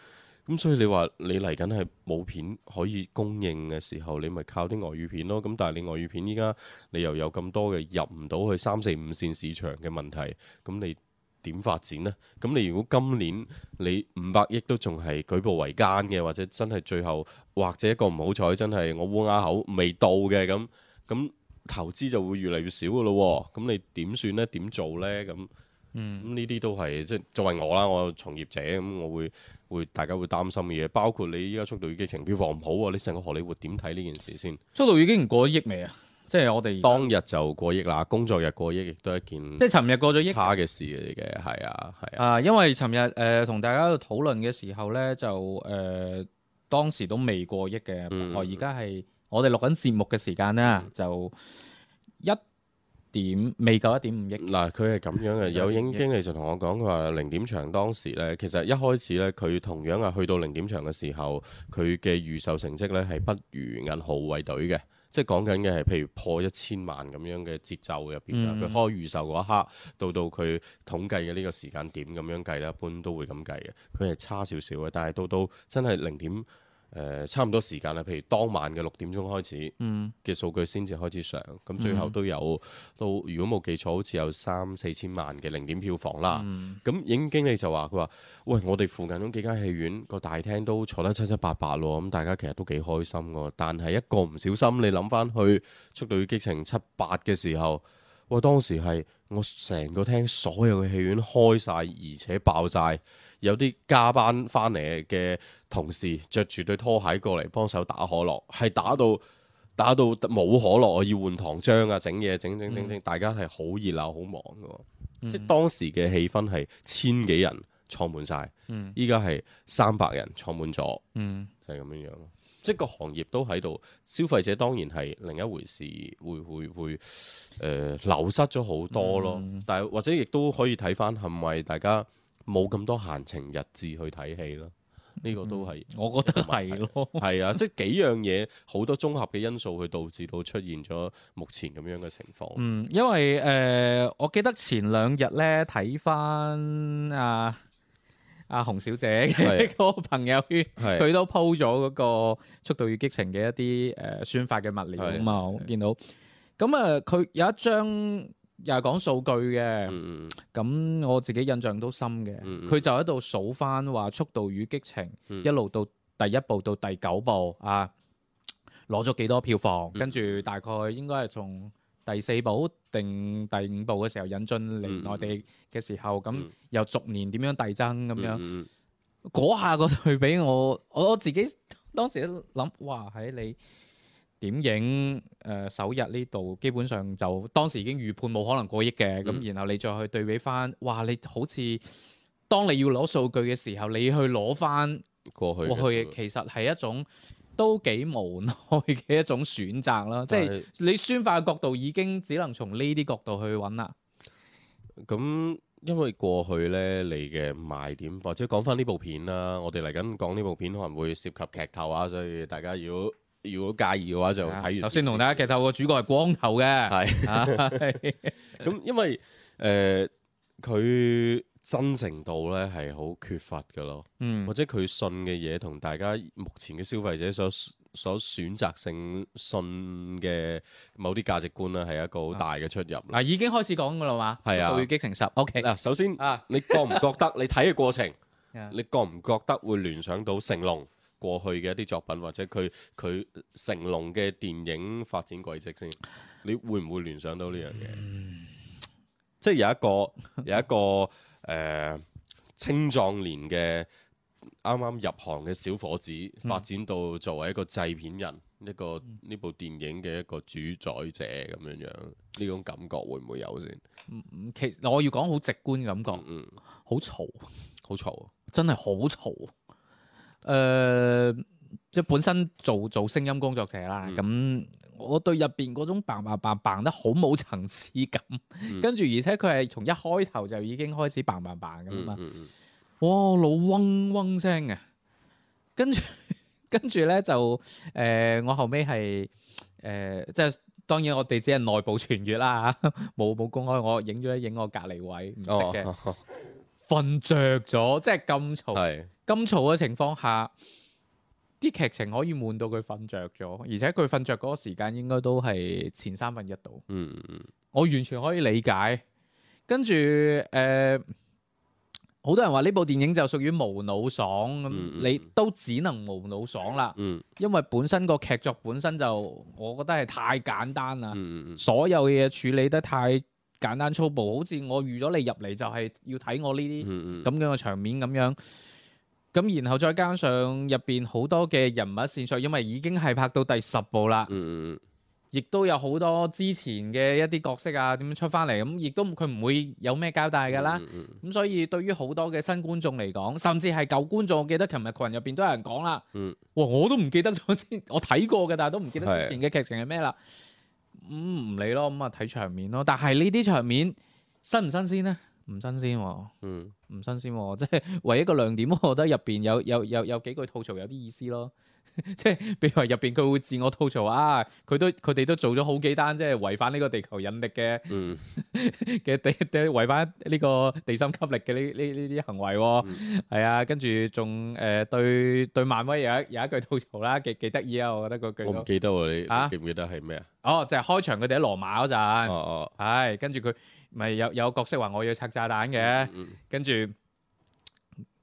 咁、嗯、所以你話你嚟緊係冇片可以供應嘅時候，你咪靠啲外語片咯。咁但係你外語片依家你又有咁多嘅入唔到去三四五線市場嘅問題，咁你點發展呢？咁你如果今年你五百億都仲係舉步維艱嘅，或者真係最後或者一個唔好彩真係我烏鴉口未到嘅咁，咁投資就會越嚟越少噶咯。咁你點算呢？點做呢？咁？嗯，呢啲都係即係作為我啦，我從業者咁，我會會大家會擔心嘅嘢，包括你依家速度與激情票房唔好啊，你成個荷里活點睇呢件事先？速度與激情過了億未啊？即係我哋當日就過億啦，工作日過億亦都係一件即，即係尋日過咗億差嘅事嚟嘅，係啊，係啊，因為尋日誒同、呃、大家喺度討論嘅時候咧，就誒、呃、當時都未過億嘅，我而家係我哋錄緊節目嘅時間咧，嗯嗯、就一點未夠一點五億？嗱，佢係咁樣嘅，有影經理就同我講，佢話零點場當時呢，其實一開始呢，佢同樣係去到零點場嘅時候，佢嘅預售成績呢係不如銀河護衛隊嘅，即係講緊嘅係譬如破一千萬咁樣嘅節奏入邊啊，佢、嗯、開預售嗰一刻到到佢統計嘅呢個時間點咁樣計咧，一般都會咁計嘅，佢係差少少嘅，但係到到真係零點。呃、差唔多時間啦，譬如當晚嘅六點鐘開始嘅數據先至開始上，咁、嗯、最後都有都，如果冇記錯，好似有三四千萬嘅零點票房啦。咁、嗯、影經理就話：佢話，喂，我哋附近嗰幾間戲院個大廳都坐得七七八八咯，咁大家其實都幾開心嘅。但係一個唔小心，你諗翻去《速度與激情》七八嘅時候，哇！當時係我成個廳所有嘅戲院開晒，而且爆晒。有啲加班翻嚟嘅同事着住對拖鞋過嚟幫手打可樂，係打到打到冇可樂啊！要換糖漿啊，整嘢整整整整，大家係好熱鬧、好忙嘅。嗯、即係當時嘅氣氛係千幾人坐滿晒，依家係三百人坐滿咗，嗯、就係咁樣樣咯。即係個行業都喺度，消費者當然係另一回事會，會會會、呃、流失咗好多咯。嗯嗯嗯、但係或者亦都可以睇翻係咪大家。冇咁多閒情逸致去睇戲咯，呢、這個都係我覺得係咯，係啊，即係幾樣嘢好 多綜合嘅因素去導致到出現咗目前咁樣嘅情況。嗯，因為誒、呃，我記得前兩日咧睇翻阿阿洪小姐嘅一個朋友圈，佢的 都 po 咗嗰個《速度與激情》嘅一啲誒宣發嘅物料啊嘛，的的我見到咁啊，佢、呃、有一張。又係講數據嘅，咁、嗯、我自己印象都深嘅。佢、嗯嗯、就喺度數翻話《速度與激情》嗯、一路到第一部到第九部啊，攞咗幾多票房，跟住、嗯、大概應該係從第四部定第五部嘅時候引進嚟內地嘅時候，咁、嗯嗯、又逐年點樣遞增咁樣。嗰、嗯嗯嗯、下個對比我，我我我自己當時諗，哇！喺、哎、你。嗯嗯嗯嗯點影誒、呃、首日呢度基本上就當時已經預判冇可能過億嘅，咁、嗯、然後你再去對比翻，哇，你好似當你要攞數據嘅時候，你去攞翻過去過去其實係一種都幾無奈嘅一種選擇啦，即係你宣發嘅角度已經只能從呢啲角度去揾啦。咁、嗯、因為過去呢，你嘅賣點或者講翻呢部片啦，我哋嚟緊講呢部片可能會涉及劇透啊，所以大家要。如果介意嘅話就睇完。首先同大家劇透個主角係光頭嘅。係。咁因為誒佢、呃、真誠度咧係好缺乏噶咯。嗯。或者佢信嘅嘢同大家目前嘅消費者所所選擇性信嘅某啲價值觀咧係一個好大嘅出入。嗱、嗯，已經開始講噶啦嘛。係啊。速激是的 成十。O K。嗱，首先，啊。你覺唔覺得你睇嘅過程， 你覺唔覺得會聯想到成龍？過去嘅一啲作品，或者佢佢成龍嘅電影發展軌跡先，你會唔會聯想到呢樣嘢？嗯、即係有一個有一個誒、呃、青壯年嘅啱啱入行嘅小伙子，發展到作為一個製片人，嗯、一個呢部電影嘅一個主宰者咁樣樣，呢種感覺會唔會有先？其實我要講好直觀感覺，嗯，好嘈，好嘈，真係好嘈。誒、呃，即係本身做做聲音工作者啦，咁、嗯、我對入邊嗰種唪唪唪唪得好冇層次感，跟住、嗯、而且佢係從一開頭就已經開始唪唪唪咁嘛，嗯嗯嗯、哇，腦嗡嗡聲啊，跟住跟住咧就誒、呃，我後尾係誒，即係當然我哋只係內部傳閱啦吓，冇冇公開，我影咗一影我隔離位唔識嘅。 瞓着咗，即係咁嘈，咁嘈嘅情況下，啲劇情可以悶到佢瞓着咗，而且佢瞓着嗰個時間應該都係前三分一度、嗯。嗯，我完全可以理解。跟住，誒、呃，好多人話呢部電影就屬於無腦爽咁，嗯嗯、你都只能無腦爽啦。嗯、因為本身個劇作本身就，我覺得係太簡單啦。所有嘢處理得太，嗯嗯嗯嗯簡單粗暴，好似我預咗你入嚟就係要睇我呢啲咁樣嘅場面咁樣，咁然後再加上入邊好多嘅人物線索，因為已經係拍到第十部啦，亦、嗯嗯、都有好多之前嘅一啲角色啊，點樣出翻嚟咁，亦都佢唔會有咩交代㗎啦。咁、嗯嗯嗯、所以對於好多嘅新觀眾嚟講，甚至係舊觀眾，我記得琴日群入邊都有人講啦。哇、嗯，我都唔記得咗我睇過嘅，但係都唔記得之前嘅劇情係咩啦。唔唔理咯，咁啊睇場面咯，但係呢啲場面新唔新鮮咧？唔新鮮哦，嗯，唔新鮮哦，即係唯一一個亮點，我覺得入邊有有有有幾句吐槽有啲意思咯。即係， 比如話入邊佢會自我吐槽啊，佢都佢哋都做咗好幾單，即係違反呢個地球引力嘅嘅違反呢個地心吸力嘅呢呢呢啲行為，係、嗯、啊，跟住仲誒對對漫威有一有一句吐槽啦，幾幾得意啊，我覺得個句我唔記得、啊、你、啊、記唔記得係咩啊？哦，就係、是、開場佢哋喺羅馬嗰陣，哦哦，係、哎，跟住佢咪有有角色話我要拆炸彈嘅，嗯嗯、跟住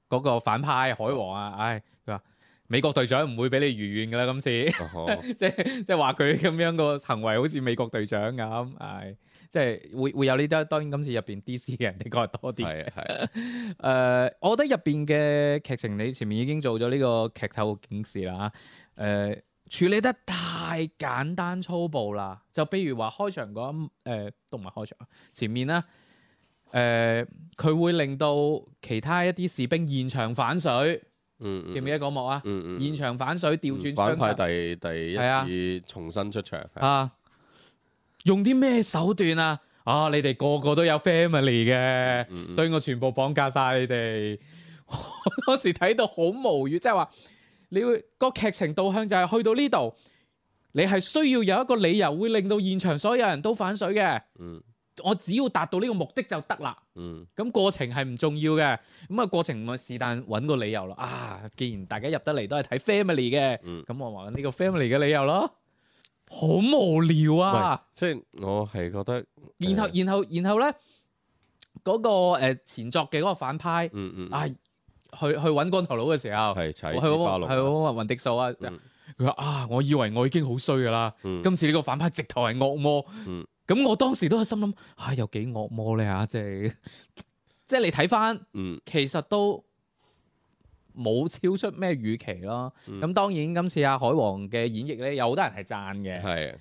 嗰個反派海王啊，唉、哎，佢、哎、話。美國隊長唔會俾你如願噶啦，今次 oh, oh. 即係即係話佢咁樣個行為好似美國隊長咁，唉，即係會會有呢啲。當然今次入邊 D.C. 嘅人的確係多啲。係啊係。誒，我覺得入邊嘅劇情你前面已經做咗呢個劇透嘅警示啦。誒、呃，處理得太簡單粗暴啦。就比如話開場嗰一誒、呃，都唔係開場前面啦。誒、呃，佢會令到其他一啲士兵現場反水。記唔、嗯嗯、記得個幕啊？嗯嗯嗯現場反水調轉，調轉反派第第一次、啊、重新出場啊，啊！用啲咩手段啊？啊！你哋個個都有 family 嘅，嗯嗯所以我全部綁架晒你哋。 當時睇到好無語，即係話你會、個劇情導向就係、是、去到呢度，你係需要有一個理由會令到現場所有人都反水嘅。嗯我只要達到呢個目的就得啦。嗯，咁過程係唔重要嘅。咁啊，過程咪是但揾個理由咯。啊，既然大家入得嚟都係睇 family 嘅，咁、嗯、我話呢個 family 嘅理由咯。好無聊啊！即係我係覺得。呃、然後，然後，然後咧，嗰、那個、呃、前作嘅嗰個反派，嗯嗯，係、嗯啊、去去揾光頭佬嘅時候，係齊花龍，係雲迪素啊。佢話、嗯：啊，我以為我已經好衰噶啦。今次呢個反派直頭係惡魔、嗯。嗯咁我當時都係心諗嚇，有幾惡魔咧嚇、啊，即係即係你睇翻，嗯、其實都冇超出咩預期咯。咁、嗯、當然今次阿、啊、海王嘅演繹咧，有好多人係讚嘅，係的，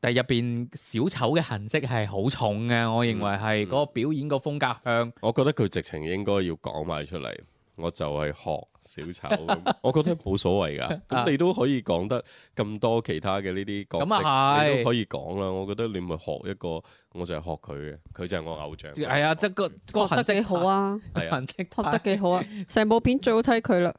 但係入邊小丑嘅痕跡係好重嘅，我認為係嗰、嗯、個表演個風格向。我覺得佢直情應該要講埋出嚟。我就係學小丑，我覺得冇所謂噶，咁你都可以講得咁多其他嘅呢啲角色，你都可以講啦。我覺得你咪學一個，我就係學佢嘅，佢就係我偶像。係啊，即係個個行得幾好啊，行得幾好啊，成部片最好睇佢啦。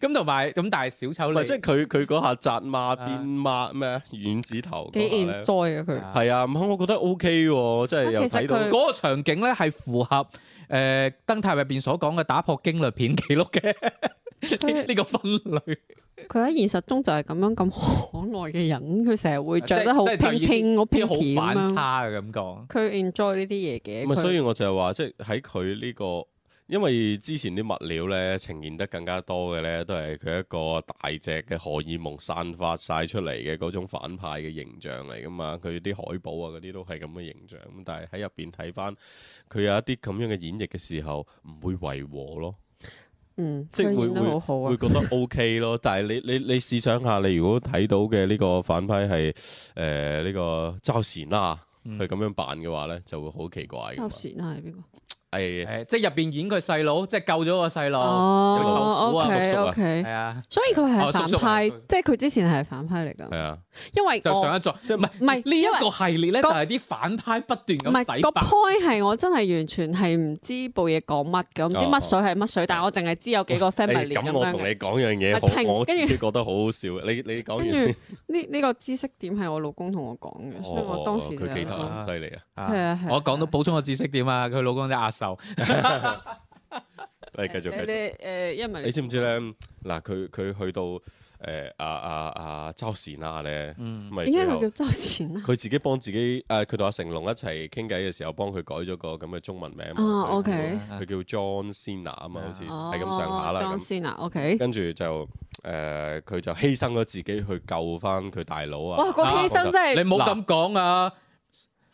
咁同埋咁，但係小丑即係佢佢嗰下紮馬變馬咩丸子頭，幾 enjoy 啊佢係啊，我覺得 O K 即真係有睇到嗰個場景咧係符合。誒、呃、燈塔入邊所講嘅打破驚慄片記錄嘅呢他 個分類，佢喺現實中就係咁樣咁 可愛嘅人，佢成日會着得好拼拼好反差啊，佢 enjoy 呢啲嘢嘅。咁所以我就係話，即係喺佢呢個。因為之前啲物料咧呈現得更加多嘅咧，都係佢一個大隻嘅荷爾蒙散發晒出嚟嘅嗰種反派嘅形象嚟噶嘛，佢啲海報啊嗰啲都係咁嘅形象。咁但係喺入邊睇翻，佢有一啲咁樣嘅演繹嘅時候，唔會違和咯。嗯，即係演得好好啊，會覺得 OK 咯。但係你你你試想下，你如果睇到嘅呢個反派係誒呢個周善啊，佢咁樣扮嘅話咧，就會好奇怪。周善係邊個？係，即係入邊演佢細佬，即係救咗個細佬，哦，靠譜啊，熟熟啊，係啊，所以佢係反派，即係佢之前係反派嚟噶。係啊，因為就上一集，即係唔係唔係呢一個系列咧，就係啲反派不斷咁洗白。個開係我真係完全係唔知部嘢講乜嘅，啲乜水係乜水，但係我淨係知有幾個 family 咁樣嘅。咁我同你講樣嘢，我跟住覺得好好笑。你你講完先。呢呢個知識點係我老公同我講嘅，所以我當時就佢記得咁犀利啊。係啊係，我講到補充個知識點啊，佢老公啲阿。就， 你繼續。繼續你哋因為你，你知唔知咧？嗱、啊，佢佢去到誒阿阿阿周善娜咧，咪、嗯、最後佢、啊、自己幫自己誒，佢同阿成龍一齊傾偈嘅時候，幫佢改咗個咁嘅中文名。哦、啊、OK，佢叫 John Cena 啊嘛，好似係咁上下啦。John Cena，OK。Oh, John Cena, okay、跟住就誒，佢、啊、就犧牲咗自己去救翻佢大佬啊！哇，個犧牲真係你唔好咁講啊！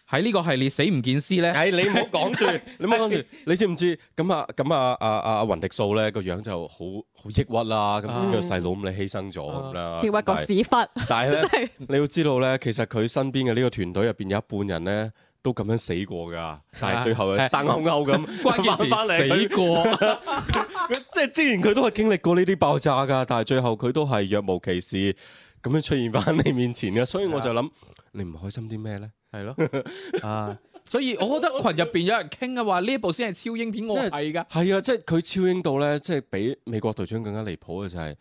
喺呢個系列死唔見屍咧，係你唔好講住，你唔好講住，你知唔知？咁啊，咁啊，阿阿阿雲迪素咧，個樣就好好抑鬱啦，咁個細佬咁你犧牲咗咁啦，抑鬱個屎忽。但係佢真係你要知道咧，其實佢身邊嘅呢個團隊入邊有一半人咧都咁樣死過㗎，但係最後又生勾勾咁翻翻嚟死過。即係之前佢都係經歷過呢啲爆炸㗎，但係最後佢都係若無其事。咁樣出現翻你面前嘅，所以我就諗的你唔開心啲咩咧？係咯的， 啊！所以我覺得群入邊有人傾嘅話呢 一部先係超英片，我睇噶。係啊，即係佢超英到咧，即係比美國隊長更加離譜嘅就係、是，的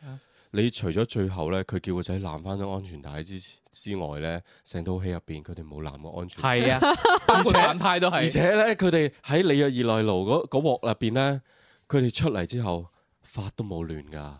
你除咗最後咧，佢叫個仔攬翻咗安全帶之之外咧，成套戲入邊佢哋冇攬個安全帶。係啊的， 包括反派都係。而且咧，佢哋喺你約二內盧嗰鑊入邊咧，佢、那、哋、個、出嚟之後發都冇亂㗎。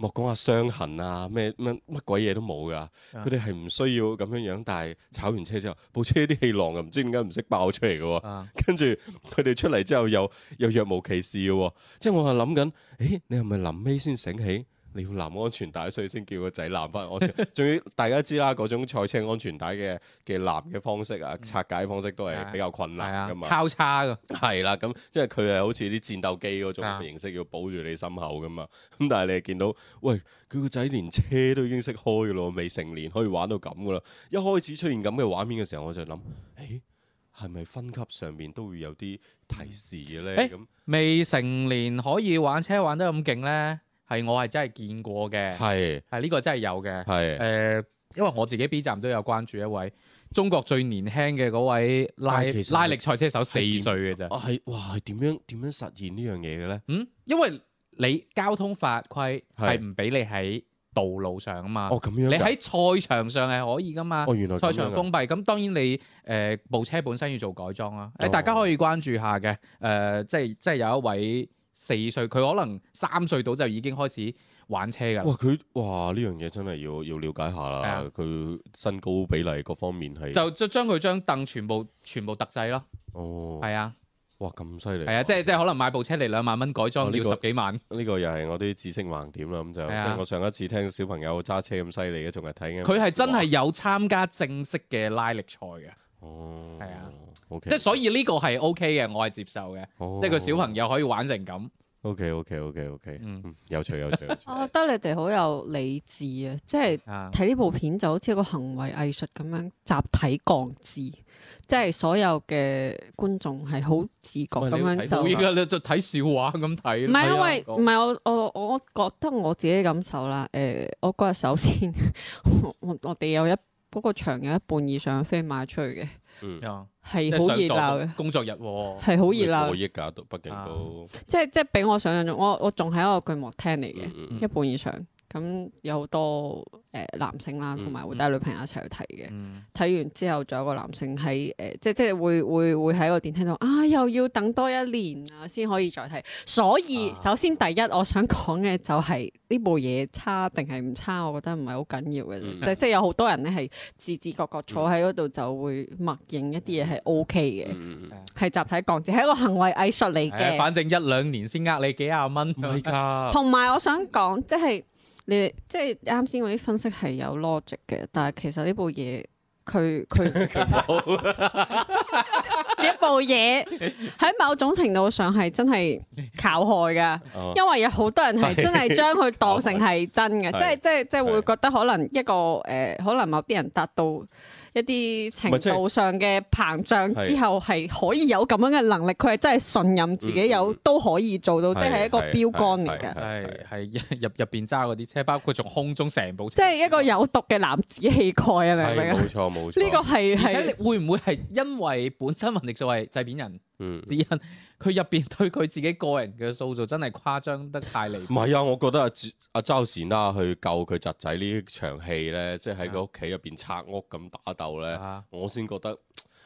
莫講話傷痕啊，咩咩乜鬼嘢都冇噶，佢哋係唔需要咁樣樣。但係炒完車之後，部車啲氣囊又唔知點解唔識爆出嚟嘅喎，啊、跟住佢哋出嚟之後又又若無其事嘅喎、啊，即、就、係、是、我係諗緊，誒你係咪臨尾先醒起？你要攬安全帶，所以先叫個仔攬翻安全。仲要 大家知啦，嗰種賽車安全帶嘅嘅攬嘅方式啊，嗯、拆解方式都係比較困難噶嘛。交叉噶係啦，咁即係佢係好似啲戰鬥機嗰種形式，的要保住你心口噶嘛。咁但係你見到，喂，佢個仔連車都已經識開噶咯，未成年可以玩到咁噶啦。一開始出現咁嘅畫面嘅時候，我就諗，誒、欸，係咪分級上面都會有啲提示嘅咧？咁、欸、那未成年可以玩車玩得咁勁咧？係我係真係見過嘅，係係呢個真係有嘅，係誒是、呃，因為我自己 B 站都有關注一位中國最年輕嘅嗰位拉拉力賽車手，四歲嘅啫。啊，係哇，點樣點樣實現呢樣嘢嘅咧？嗯，因為你交通法規係唔俾你喺道路上啊嘛。哦，咁樣。你喺賽場上係可以噶嘛？哦，原來賽場封閉，咁當然你誒部、呃、車本身要做改裝啦、啊。誒、哦，大家可以關注下嘅，誒、呃，即係即係有一位。四歲佢可能三歲到就已經開始玩車㗎。哇！佢哇呢樣嘢真係要要了解下啦。佢的身高比例各方面係就就將佢張凳全部全部特製咯。哦，係啊的。哇！咁犀利。係啊，即係即係可能買部車嚟兩萬蚊改裝要十幾萬。呢、啊呢個呢個又係我啲知識盲點啦。咁就的我上一次聽小朋友揸車咁犀利嘅，仲係睇緊。佢係真係有參加正式嘅拉力賽㗎。哇哇哦，係啊。即係 Okay. 所以呢個係 O K 嘅，我係接受嘅，oh，即係個小朋友可以玩成咁。O K O K O K O K，嗯有，有趣有趣。我覺、 哦、得你哋好有理智啊，即係睇呢部片就好似一個行為藝術咁樣集體降智，即係所有嘅觀眾係好自覺咁樣就。唔會噶，你就睇笑話咁睇。唔係是、啊、因為唔係國我我我覺得我自己嘅感受啦。誒、呃，我嗰日首先， 我哋有一嗰、那個場有一半以上嘅飛賣出去嘅。嗯，係好熱鬧嘅工作日、啊，係好熱鬧，受益㗎，到北京都、啊、即係即係比我想象中，我我仲係一個巨幕廳嚟嘅，嗯嗯嗯一半以上。咁有好多誒男性啦，同埋會帶女朋友一齊去睇嘅。睇、嗯嗯嗯、完之後，仲有個男性喺誒、呃，即即會會會喺個電梯度啊，又要等多一年啊，先可以再睇。所以首先第一，我想講嘅就係呢部嘢差定係唔差，我覺得唔係好緊要嘅啫。嗯、即係、嗯、有好多人咧係自自覺覺坐喺嗰度就會默認一啲嘢係 O K 嘅，係、嗯嗯、集體降智係一個行為藝術嚟嘅。反正一兩年先呃你幾廿蚊，唔係㗎。同埋我想講即係。你即係啱先嗰啲分析係有 logic 嘅，但係其實呢部嘢佢佢呢一部嘢喺某種程度上係真係靠害㗎，嗯、因為有好多人係真係將佢當成係真嘅， 即係即係即係會覺得可能一個誒、呃，可能某啲人達到，一啲程度上嘅膨脹之後，係可以有咁樣嘅能力，佢係是真係信任自己有、嗯、都可以做到，是即係一個標杆嚟嘅。係係 入入入邊揸嗰啲車，包括從空中成部車。即係一個有毒嘅男子氣概啊！咪 是？明唔明啊？冇錯冇錯，呢個係係。會唔會係因為本身文力作為製片人？嗯，只因佢入邊對佢自己個人嘅塑造真係誇張得太離譜，唔係啊！我覺得阿阿周善啦去救佢侄仔呢場戲咧，即係喺佢屋企入邊拆屋咁打鬥咧，啊、我先覺得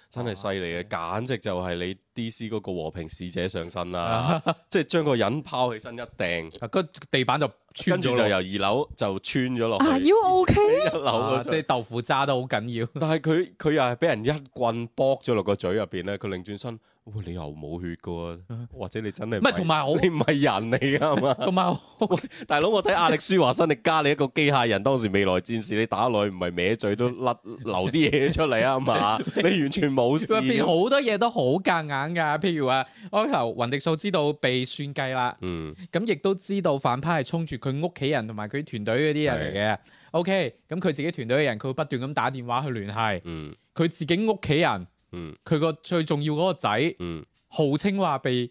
真係犀利啊，簡直就係你 DC 嗰個和平使者上身啦，啊，即係將個人拋起身一掟，啊啊啊啊嗰個地板就。跟住就由二樓就穿咗落去。啊要 OK？一樓啊，即係豆腐渣都好緊要。但係佢佢又係俾人一棍剝咗落個嘴入邊咧。佢擰轉身，你又冇血嘅喎，或者你真係唔係同埋我，你唔係人嚟㗎係嘛？同埋大佬，我睇阿力舒華辛力加你一個機械人，當時未來戰士你打落去唔係歪嘴都甩流啲嘢出嚟啊係嘛？你完全冇事。入邊好多嘢都好夾硬㗎，譬如話，我由雲迪素知道被算計啦。嗯，咁亦都知道反派係衝住。佢屋企人同埋佢團隊嗰啲人嚟嘅是，OK，咁佢自己團隊嘅人，佢會不斷咁打電話去聯繫，佢、嗯、自己屋企人，佢個、嗯、最重要嗰個仔，號、嗯、稱話被。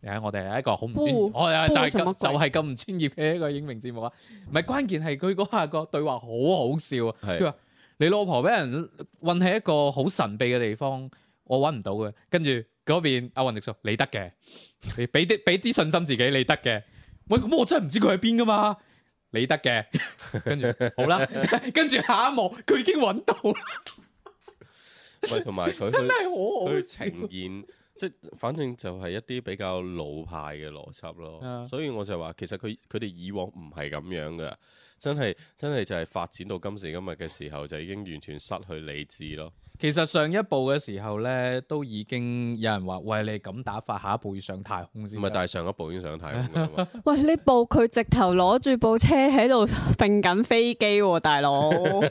你我哋係一個好唔專業，就係咁就係咁唔專業嘅一個影評節目啊！唔係，關鍵係佢嗰下個對話好好笑啊！佢話是你老婆俾人韫喺一個好神秘嘅地方，我揾唔到嘅。跟住嗰邊阿雲迪叔，你得嘅，你俾啲俾啲信心自己，你得嘅。喂，咁我真係唔知佢喺邊噶嘛？你得嘅，跟 住好啦，跟 住下一幕佢已經揾到啦。喂同埋佢佢呈現。 即反正就係一啲比較老派嘅邏輯咯，Yeah. 所以我就話其實佢佢哋以往唔係咁樣嘅，真係真係就係發展到今時今日嘅時候，就已經完全失去理智咯。其實上一部嘅時候咧，都已經有人話，喂，你咁打發，下一步要上太空先。唔係，但係上一部已經上太空 喂，呢部佢直頭攞住部車喺度拼緊飛機，大佬。喂，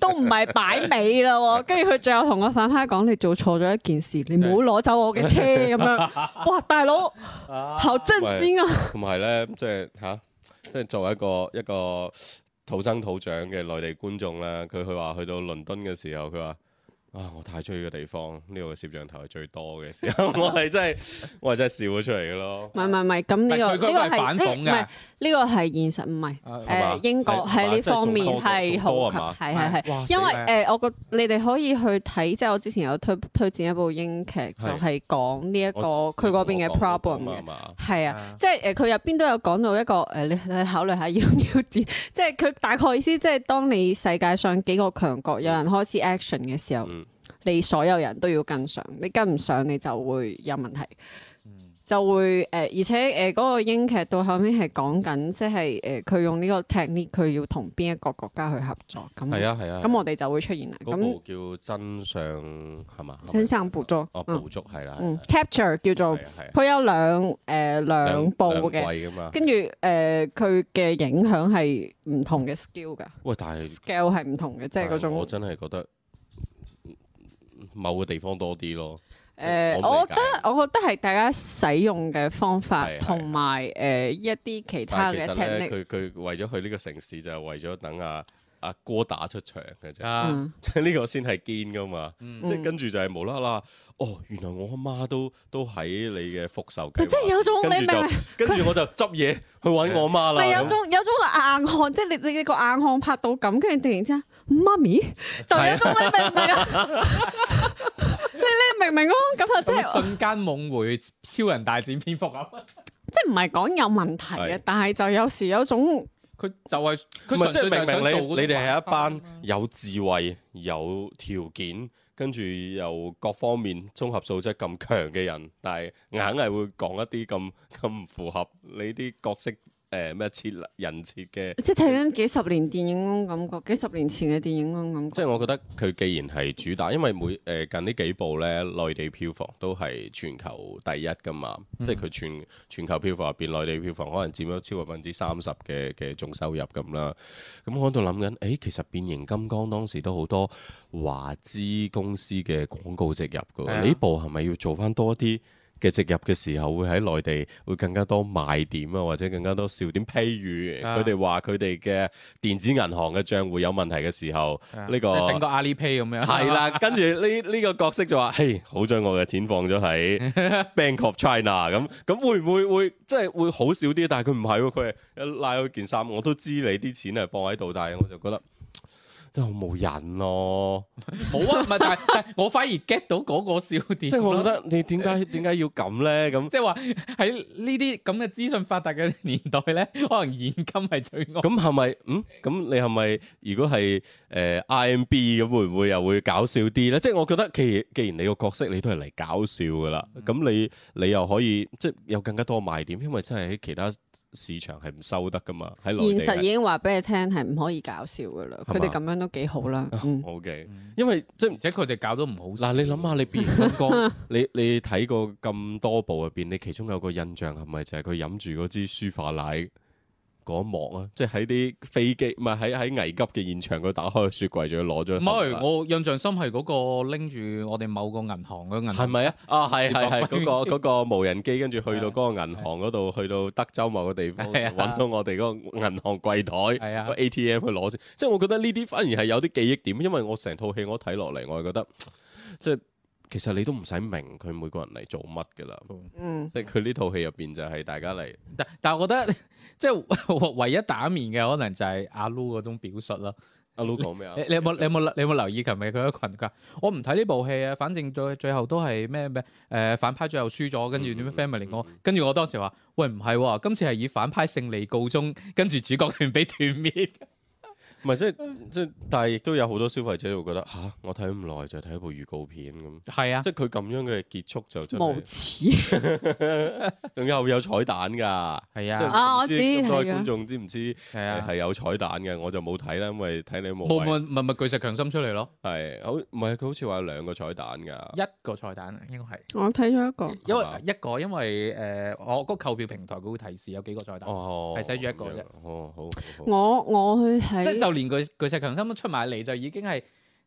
都唔係擺尾啦， 最後跟住佢仲有同我反派講 你做錯咗一件事，對你唔好攞走我嘅車咁 樣。哇，大佬， 好真尖啊、就是、啊！唔係咧，即係吓，即係作為一個一個。一個一個土生土長嘅內地觀眾啦，佢去話去到倫敦嘅時候，佢話。啊！我太中意個地方，呢個攝像頭係最多嘅時候，我係真係，我係真係笑咗出嚟嘅咯。唔係唔係唔係，咁呢個呢個係反諷嘅，唔係呢個係現實，唔係誒英國喺呢方面係好，係係係，因為誒我覺你哋可以去睇，即係我之前有推推薦一部英劇就係講呢一個佢嗰邊嘅 problem 嘅，係啊，即係誒佢入邊都有講到一個誒你你考慮下要唔要點？即係佢大概意思，即係當你世界上幾個強國有人開始 action 嘅時候。你所有人都要跟上，你跟唔上你就會有問題，就會誒，而且誒嗰個英劇到後面係講緊，即係誒佢用呢個 technique，佢要同邊一個國家去合作咁。係啊係啊，咁我哋就會出現啦。嗰部叫真相係嘛？真相捕捉，哦，捕捉係啦。嗯，capture 叫做佢有兩誒兩部嘅，跟住誒佢嘅影響係唔同嘅 skill 噶。喂，但係 scale 係唔同嘅，即係嗰種。我真係覺得。某個地方多啲咯，誒，我覺得我覺得係大家使用嘅方法同埋誒一啲其他嘅 technique。佢佢為咗去呢個城市就係為咗等阿阿哥打出場嘅啫，即係呢個先係堅噶嘛。即係跟住就係無啦啦，哦，原來我阿媽都都喺你嘅復仇。即係有種你明？跟住我就執嘢去揾我媽啦。有種有種硬漢，即係你你你個硬漢拍到咁，跟住突然之間，媽咪就有一種你明唔明啊？ 你你明唔明啊？咁啊，即係瞬間夢回超人大戰蝙蝠俠咁，即係唔係講有問題嘅，是但係就有時有種佢就係、是、佢，即係、就是、明明你你哋係一班有智慧、有條件，跟住又各方面綜合素質咁強嘅人，但係硬係會講一啲咁咁唔符合你啲角色。誒咩設人設嘅，即係睇緊幾十年電影嗰種感覺，幾十年前嘅電影嗰種感覺。嗯、即係我覺得佢既然係主打，因為每誒、呃、近呢幾部咧，內地票房都係全球第一噶嘛，嗯、即係佢全全球票房入邊，內地票房可能佔咗超過百分之三十嘅嘅總收入咁啦。咁我喺度諗緊，誒、欸、其實變形金剛當時都好多華資公司嘅廣告植入㗎，呢、嗯、部係咪要做翻多啲？嘅植入嘅時候，會喺內地會更加多賣點啊，或者更加多笑點譬如。佢哋話佢哋嘅電子銀行嘅賬戶有問題嘅時候，呢、啊這個整個阿里 Pay 咁樣。係啦了， 跟住呢呢個角色就話：嘿，好將我嘅錢放咗喺 Bank of China。咁咁會唔會會即係會，會好少啲？但係佢唔係喎，佢係一拉佢件衫，我都知你啲錢係放喺度，但係我就覺得。真係好冇癮咯！好啊，唔係、 啊，但係我反而 get 到嗰個笑點。即係 我覺得你點解點解要咁咧？咁即係話喺呢啲咁嘅資訊發達嘅年代咧，可能現今係最惡。咁係咪？嗯，咁你係咪？如果係誒 IMB 咁，呃 R、B，會唔會又會搞笑啲咧？即、就、係、是、我覺得既，既既然你個角色你都係嚟搞笑噶啦，咁、嗯、你你又可以即係、就是、有更加多賣點，因為真係喺其他。市場係唔收得㗎嘛？喺內地，現實已經話俾你聽係唔可以搞笑㗎啦。佢哋咁樣都幾好啦。好嘅、 嗯，okay。因為即係而且佢哋搞到唔好。嗱、啊，你諗下， 你邊個你你睇過咁多部入邊，你其中有一個印象係咪就係佢飲住嗰支舒化奶？嗰一幕啊，即係喺啲飛機，唔係喺喺危急嘅現場，佢打開個雪櫃，仲要攞咗。唔係，我印象深係嗰個拎住我哋某個銀行嘅銀，係咪啊？啊，係係係嗰個嗰、嗰個無人機，跟住去到嗰個銀行嗰度，去到德州某個地方，揾、啊、到我哋個銀行櫃台，個、啊、ATM 去攞先。即係我覺得呢啲反而係有啲記憶點，因為我成套戲我睇落嚟，我係覺得即係。其實你都唔使明佢每個人嚟做乜㗎啦，嗯、即係佢呢套戲入邊就係大家嚟。但但係我覺得即係唯一打面嘅可能就係阿 Lu 嗰種表述啦。阿 Lu 講咩啊？你有冇你有冇你有冇留意琴日佢一羣？佢話我唔睇呢部戲啊，反正最最後都係咩咩誒反派最後輸咗，跟住點樣 family、嗯嗯、我，跟住我當時話喂，唔係、啊，今次係以反派勝利告終，跟住主角團俾團滅。 唔係即係即係，但係亦都有好多消費者會覺得吓，我睇唔耐就睇一部預告片咁。係啊，即係佢咁樣嘅結束就真係無恥。仲又有彩蛋㗎。係啊，我知，多啲觀眾知唔知係啊，係有彩蛋嘅，我就冇睇啦，因為睇你冇冇冇咪咪巨石強森出嚟咯。係好唔係，佢好似話有兩個彩蛋㗎，一個彩蛋應該係我睇咗一個，因為一個因為誒我個購票平台佢會提示有幾個彩蛋，係寫住一個啫。哦好，我我去睇連佢巨石強森都出埋嚟，就已經係。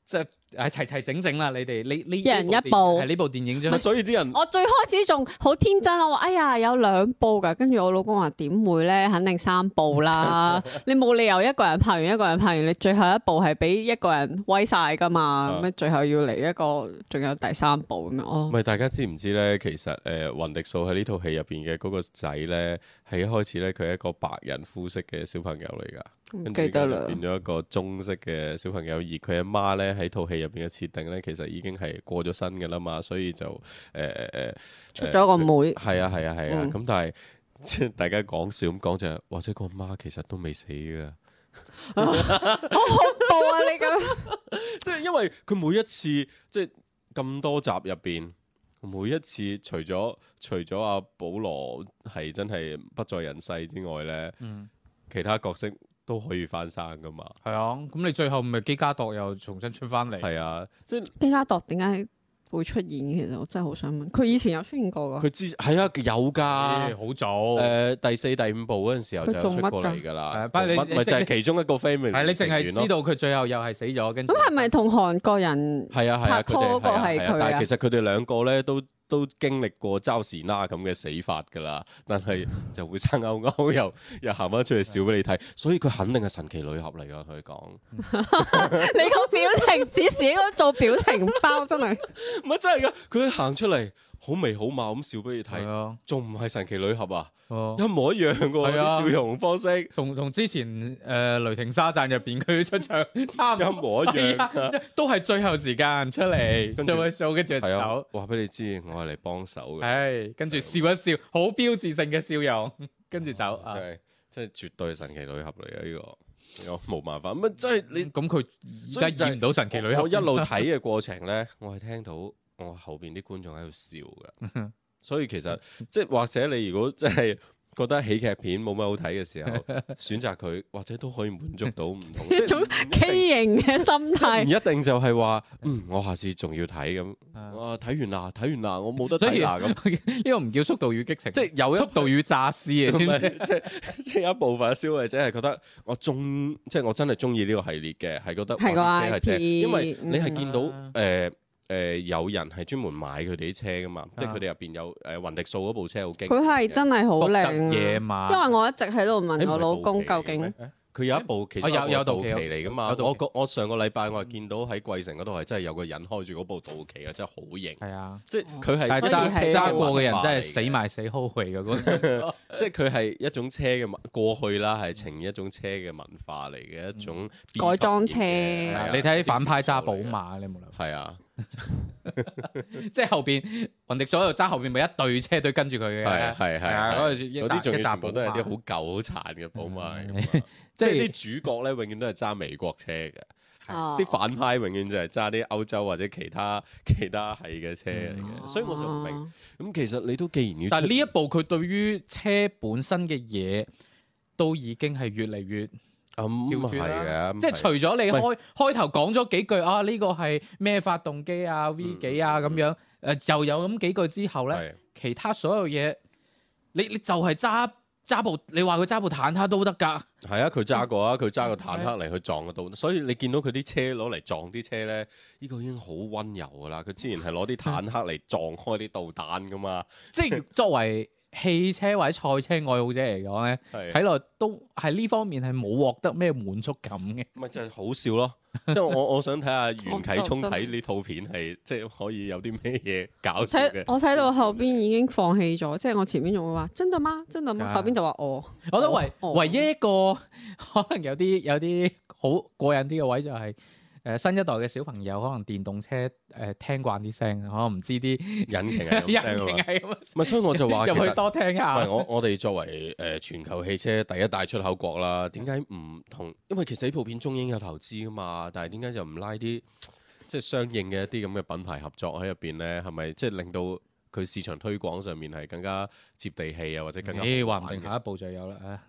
即。誒，齊齊整整啦，你哋你，你一人一部係呢部電影咁，是所以啲人我最開始仲好天真，我話哎呀有兩部噶，跟住我老公話點會呢？肯定三部啦。 你冇理由一個人拍完，一個人拍完，你最後一部係俾一個人威晒噶嘛？咩、啊、最後要嚟一個，仲有第三部咁樣哦。大家知唔知呢？其實誒、雲、呃、迪素喺呢套戲入邊嘅嗰個仔呢，咧，一開始呢，佢係一個白人膚色嘅小朋友嚟噶，記得啦，變咗一個中式嘅小朋友，而佢阿媽呢，喺套戲。入邊嘅設定咧，其實已經係過咗身嘅啦嘛，所以就誒誒、呃呃呃、出咗個妹、妹，係啊係啊係啊，咁、啊啊啊嗯、但係即係大家講笑咁講就係，或者個阿媽其實都未死嘅，好恐怖啊！你咁，即係因為佢每一次即係咁多集入邊，每一次除咗除咗阿保羅係真係不在人世之外咧，嗯、其他角色，都可以翻生噶嘛？係啊，咁你最後咪基加朵又重新出翻嚟？係啊，即係基加朵點解會出現？其實我真係好想問，佢以前有出現過㗎？佢之係啊，有㗎，好早誒，第四、第五部嗰陣時候就出嚟㗎啦。唔係就係其中一個 family 嚟嘅。你淨係知道佢最後又係死咗，跟住咁係咪同韓國人係啊係啊拍拖嗰個係佢啊？但係其實佢哋兩個咧都。都經歷過周時那咁嘅死法㗎啦，但係就會生勾勾又又行翻出嚟笑俾你睇，所以佢肯定係神奇女俠嚟㗎，同你講。你個表情只係應該做表情包，真係唔係真係㗎？佢行出嚟。好眉好貌咁笑俾你睇，仲唔係神奇女俠啊？一模一樣噶笑容方式，同同之前誒雷霆沙贊入邊佢出場差唔多，一模一樣，都係最後時間出嚟，掃一掃跟住走。話俾你知，我係嚟幫手嘅。唉，跟住笑一笑，好標誌性嘅笑容，跟住走啊！即係即係絕對神奇女俠嚟啊！呢個我冇辦法咁啊！即係你咁佢而家演唔到神奇女俠，我一路睇嘅過程咧，我係聽到。我後邊啲觀眾喺度笑嘅，所以其實即係或者你如果真係覺得喜劇片冇乜好睇嘅時候，選擇佢或者都可以滿足到唔同一種畸形嘅心態，唔一定就係話嗯，我下次仲要睇咁，我睇完啦睇完啦，我冇得睇啦咁。呢個唔叫速度與激情，即係有速度與詐屍嘅先，即係即係一部分嘅消費者係覺得我中，即係我真係中意呢個系列嘅，係覺得係啩？因為你係見到誒。誒有人係專門買佢哋啲車噶嘛，即係佢哋入邊有誒雲迪素嗰部車好勁，佢係真係好靚，野馬。因為我一直喺度問我老公究竟，佢有一部奇，我有有道奇嚟噶嘛？我我上個禮拜我係見到喺桂城嗰度係真係有個人開住嗰部道奇啊，真係好型。係啊，即係佢係揸揸過嘅人真係死埋死好氣嘅嗰，即係佢係一種車嘅過去啦，係呈現一種車嘅文化嚟嘅一種改裝車。你睇反派揸寶馬，你冇諗。係啊。即係後邊，雲迪所面，那個、有揸後邊咪一隊車隊跟住佢嘅，係係啊，嗰啲一扎都係啲好舊好殘嘅寶馬。嗯嗯、即係啲、嗯、主角咧，永遠都係揸美國車嘅，啲、哦、反派永遠就係揸啲歐洲或者其他其他係嘅車嚟嘅。嗯、所以我就唔明，咁、啊、其實你都既然要，但係呢一部佢對於車本身嘅嘢，都已經係越嚟越。咁係嘅，即係除咗你開開頭講咗幾句啊，呢個係咩發動機啊 V 幾啊咁樣，誒就有咁幾句之後咧，其他所有嘢，你你就係揸揸部你話佢揸部坦克都得噶。係啊，佢揸過啊，佢揸個坦克嚟去撞個導彈，所以你見到佢啲車攞嚟撞啲車咧，呢個已經好溫柔噶啦。佢之前係攞啲坦克嚟撞開啲導彈噶嘛，即係作為。汽車或者賽車愛好者嚟講咧，睇落是的 都係呢方面係冇獲得咩滿足感嘅。咪就係好笑咯！即係 我我想睇下袁啟聰睇呢套片係即係可以有啲咩嘢搞笑。我睇到後邊已經放棄咗，即係我前面仲會話真嘅嗎？真嘅嗎？的後邊就話我。我覺得唯唯一一個可能有啲有啲好過癮啲嘅位就係誒新一代嘅小朋友可能電動車誒聽慣啲聲，可能唔知啲引擎係咁聽㗎嘛。 所以我就話， 入去多聽下。唔係，我我哋作為誒、呃、全球汽車第一大出口國啦，點解唔同？因為其實呢部片中英有投資㗎嘛，但係點解就唔拉啲即係相應嘅一啲咁嘅品牌合作喺入邊咧？係咪即係令到佢市場推廣上面係更加接地氣啊，或者更加誒？唔、哎、話唔定下一步就有啦。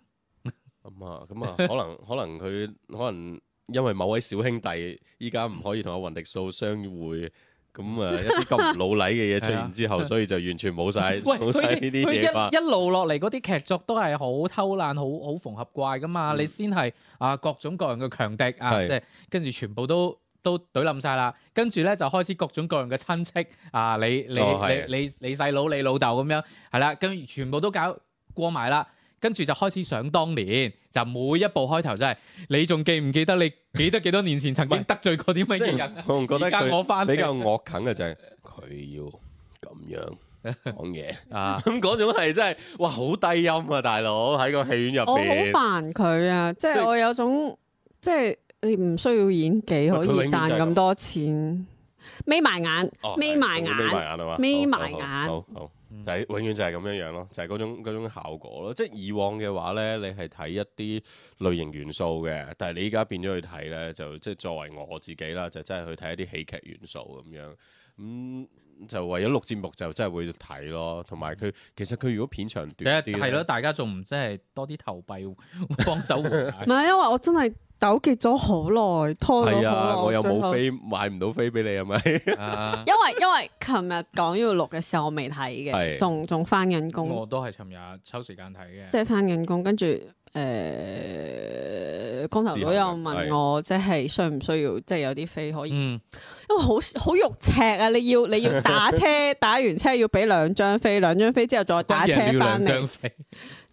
咁啊，咁 啊、嗯，可能可能佢可能。因為某位小兄弟依家唔可以同阿云迪素相會，咁啊一啲咁唔老禮嘅嘢出現之後，所以就完全冇晒冇晒呢啲嘢。佢一一路落嚟嗰啲劇作都係好偷懶，好好縫合怪噶嘛，你先係啊各種各樣嘅強敵啊，即係跟住全部都都懟冧晒啦，跟住咧就開始各種各樣嘅親戚啊，你你你你你細佬你老豆咁樣係啦，跟住全部都搞過埋啦。跟住就開始想當年，就每一部開頭真係你仲記唔記得你記得幾多年前曾經得罪過啲乜嘢人，啊？而家 我翻比較惡啃嘅就係佢要咁樣講嘢、 啊，咁嗰種係真係哇好低音啊！大佬喺個戲院入邊，我好煩佢啊！即係我有種即係你唔需要演技可以賺咁多錢，眯 埋樂眼，眯埋、哦、上眼、哦，眯埋錯眼啊嘛，眯埋眼 Soldier, documented。就係、永遠就係咁樣樣咯，就係、嗰種、嗰種效果咯。即係以往嘅話呢，你係睇一啲類型元素嘅，但係你依家變咗去睇呢，就即係作為我自己啦，就真係去睇一啲喜劇元素咁樣咁。嗯就為咗錄節目就真係會睇咯，同埋佢其實佢如果片長短啲，係咯，大家仲唔真係多啲投幣幫手？唔係，因為我真係糾結咗好耐，拖咗好耐，係啊，我又冇飛後買唔到飛俾你係咪、啊？ 因為因為琴日講要錄嘅時候我未睇嘅，仲仲翻緊工。我都係尋日抽時間睇嘅。即係翻緊工，跟住。誒光頭佬又問我，即係需唔需要，即係有啲飛可以，嗯、因為好好肉赤啊！你要你要打車， 打完車要俾兩張飛，兩張飛之後再打車翻嚟，張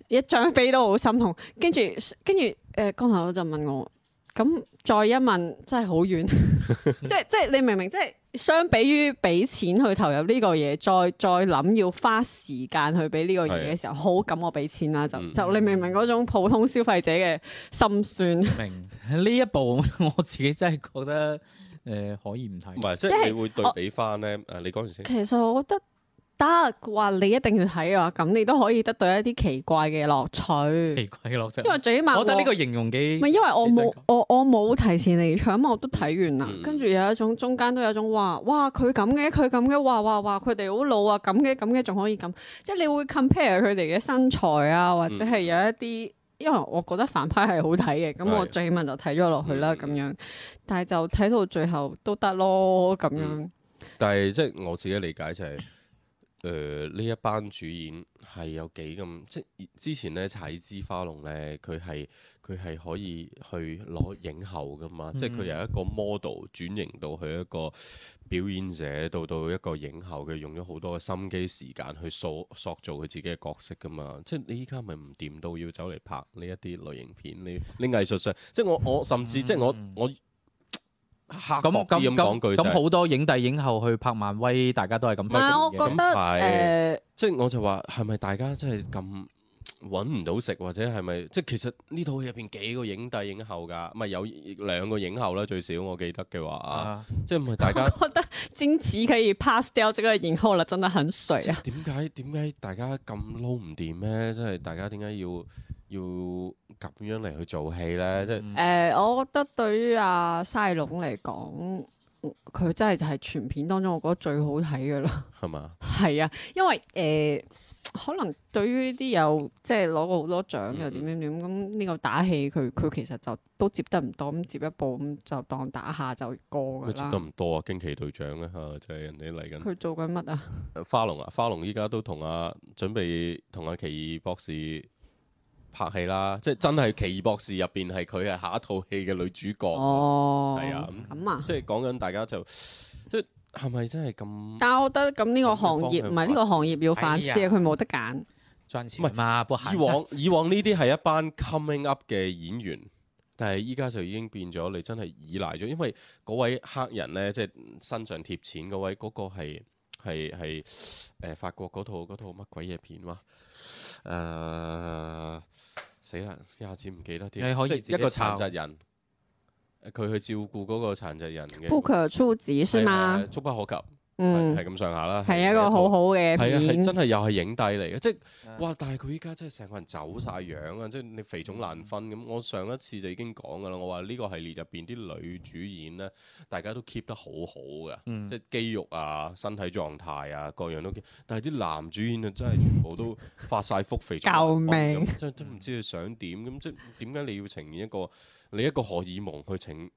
一張飛都好心痛。跟住跟住，誒光頭佬就問我。咁再一問，真係好遠， 即係即係你明唔明，即係相比於俾錢去投入呢個嘢，再再諗要花時間去俾呢個嘢嘅時候，好的咁我俾錢啦，就嗯嗯就你明唔明嗰種普通消費者嘅心酸。明呢一步，我自己真係覺得誒、呃、可以唔睇。唔係是，即係是你會對比翻咧？誒我，你講完先。其實我覺得。得話、啊、你一定要睇啊，話，咁你都可以得到一啲奇怪嘅樂趣。奇怪嘅樂趣，因為最起碼我，我覺得呢個形容幾唔係，因為我冇我我冇提前嚟搶，咁我都睇完啦。跟住、嗯、有一種中間都有一種話，哇佢咁嘅，佢咁嘅話，話話佢哋好老啊，咁嘅咁嘅仲可以咁，即係你會 compare 佢哋嘅身材啊，或者係有一啲，嗯、因為我覺得反派係好睇嘅，咁我最起碼就睇咗落去啦咁、嗯、樣，但係就睇到最後都得咯咁樣。嗯、但係即係我自己理解就係、是。誒呢、呃、一班主演係有幾咁？即係之前咧踩枝花籠咧，佢係佢係可以去攞影后噶嘛？嗯、即係佢由一個 model 轉型到佢一個表演者，到到一個影后，佢用咗好多嘅心機時間去塑塑造佢自己嘅角色噶嘛？即係你依家咪唔掂到要走嚟拍呢一啲類型片？你你藝術上，即係我我甚至、嗯、即係我我。我咁我咁講句。咁好多影帝影后去拍漫威，大家都係咁。但係、啊、我覺得誒，呃、是即係我就話係咪大家真係咁揾唔到食，或者係咪即係其實呢套戲入邊幾個影帝影后㗎？唔係有兩個影后啦，最少我記得嘅話、啊、即係唔係大家？我覺得金奇可以 pass 掉這個影后啦，真係很衰啊！點解點解大家咁撈唔掂咧？即係大家點解要？要咁樣嚟去做戲咧，即係誒，我覺得對於阿、啊、西龍嚟講，佢、呃、真係係全片當中我覺得最好睇噶啦，係嘛吧？係啊，因為誒、呃，可能對於呢啲有即係攞過好多獎、嗯、又點點點咁呢個打戲，佢佢其實就都接得唔多咁、嗯、接一部咁就當打下就過噶啦。佢接得唔多啊？驚奇隊長咧、啊、吓，就、啊、係人哋嚟緊。佢做緊乜啊， 啊？花龍啊，花龍依家都同阿準備同阿奇異博士。拍戲啦，即係真係《奇異博士》入邊係佢係下一套戲嘅女主角，哦，係啊咁，啊，啊即係講緊大家就，即係係咪真係咁？但我覺得咁呢個行業唔係呢個行業要反思啊，佢冇、哎、呀得揀，賺錢嘛。以往以往呢啲係一班 coming up 嘅演員，但係依家就已經變咗，你真係依賴咗，因為嗰位黑人咧，即係身上貼錢嗰位嗰個係係係誒法國嗰套嗰套乜鬼嘢片哇？誒，死啦、uh,！一下子唔記得啲嘢，你可以即係一個殘疾人，佢去照顧嗰個殘疾人嘅。嗯，係咁上下啦，係一個好好嘅片，係啊，係真係又係影帝嚟嘅，即係、嗯、哇！但係佢依家真係成個人走晒樣啊，嗯、即係你肥腫難分咁。我上一次就已經講噶啦，我話呢個系列入邊啲女主演咧，大家都 keep 得好好嘅，嗯、即係肌肉啊、身體狀態啊各樣都 keep。但係啲男主演啊，真係全部都發晒福肥， 救命！真係都唔知佢想點咁，即係點解你要呈現一個你一個荷爾蒙去呈？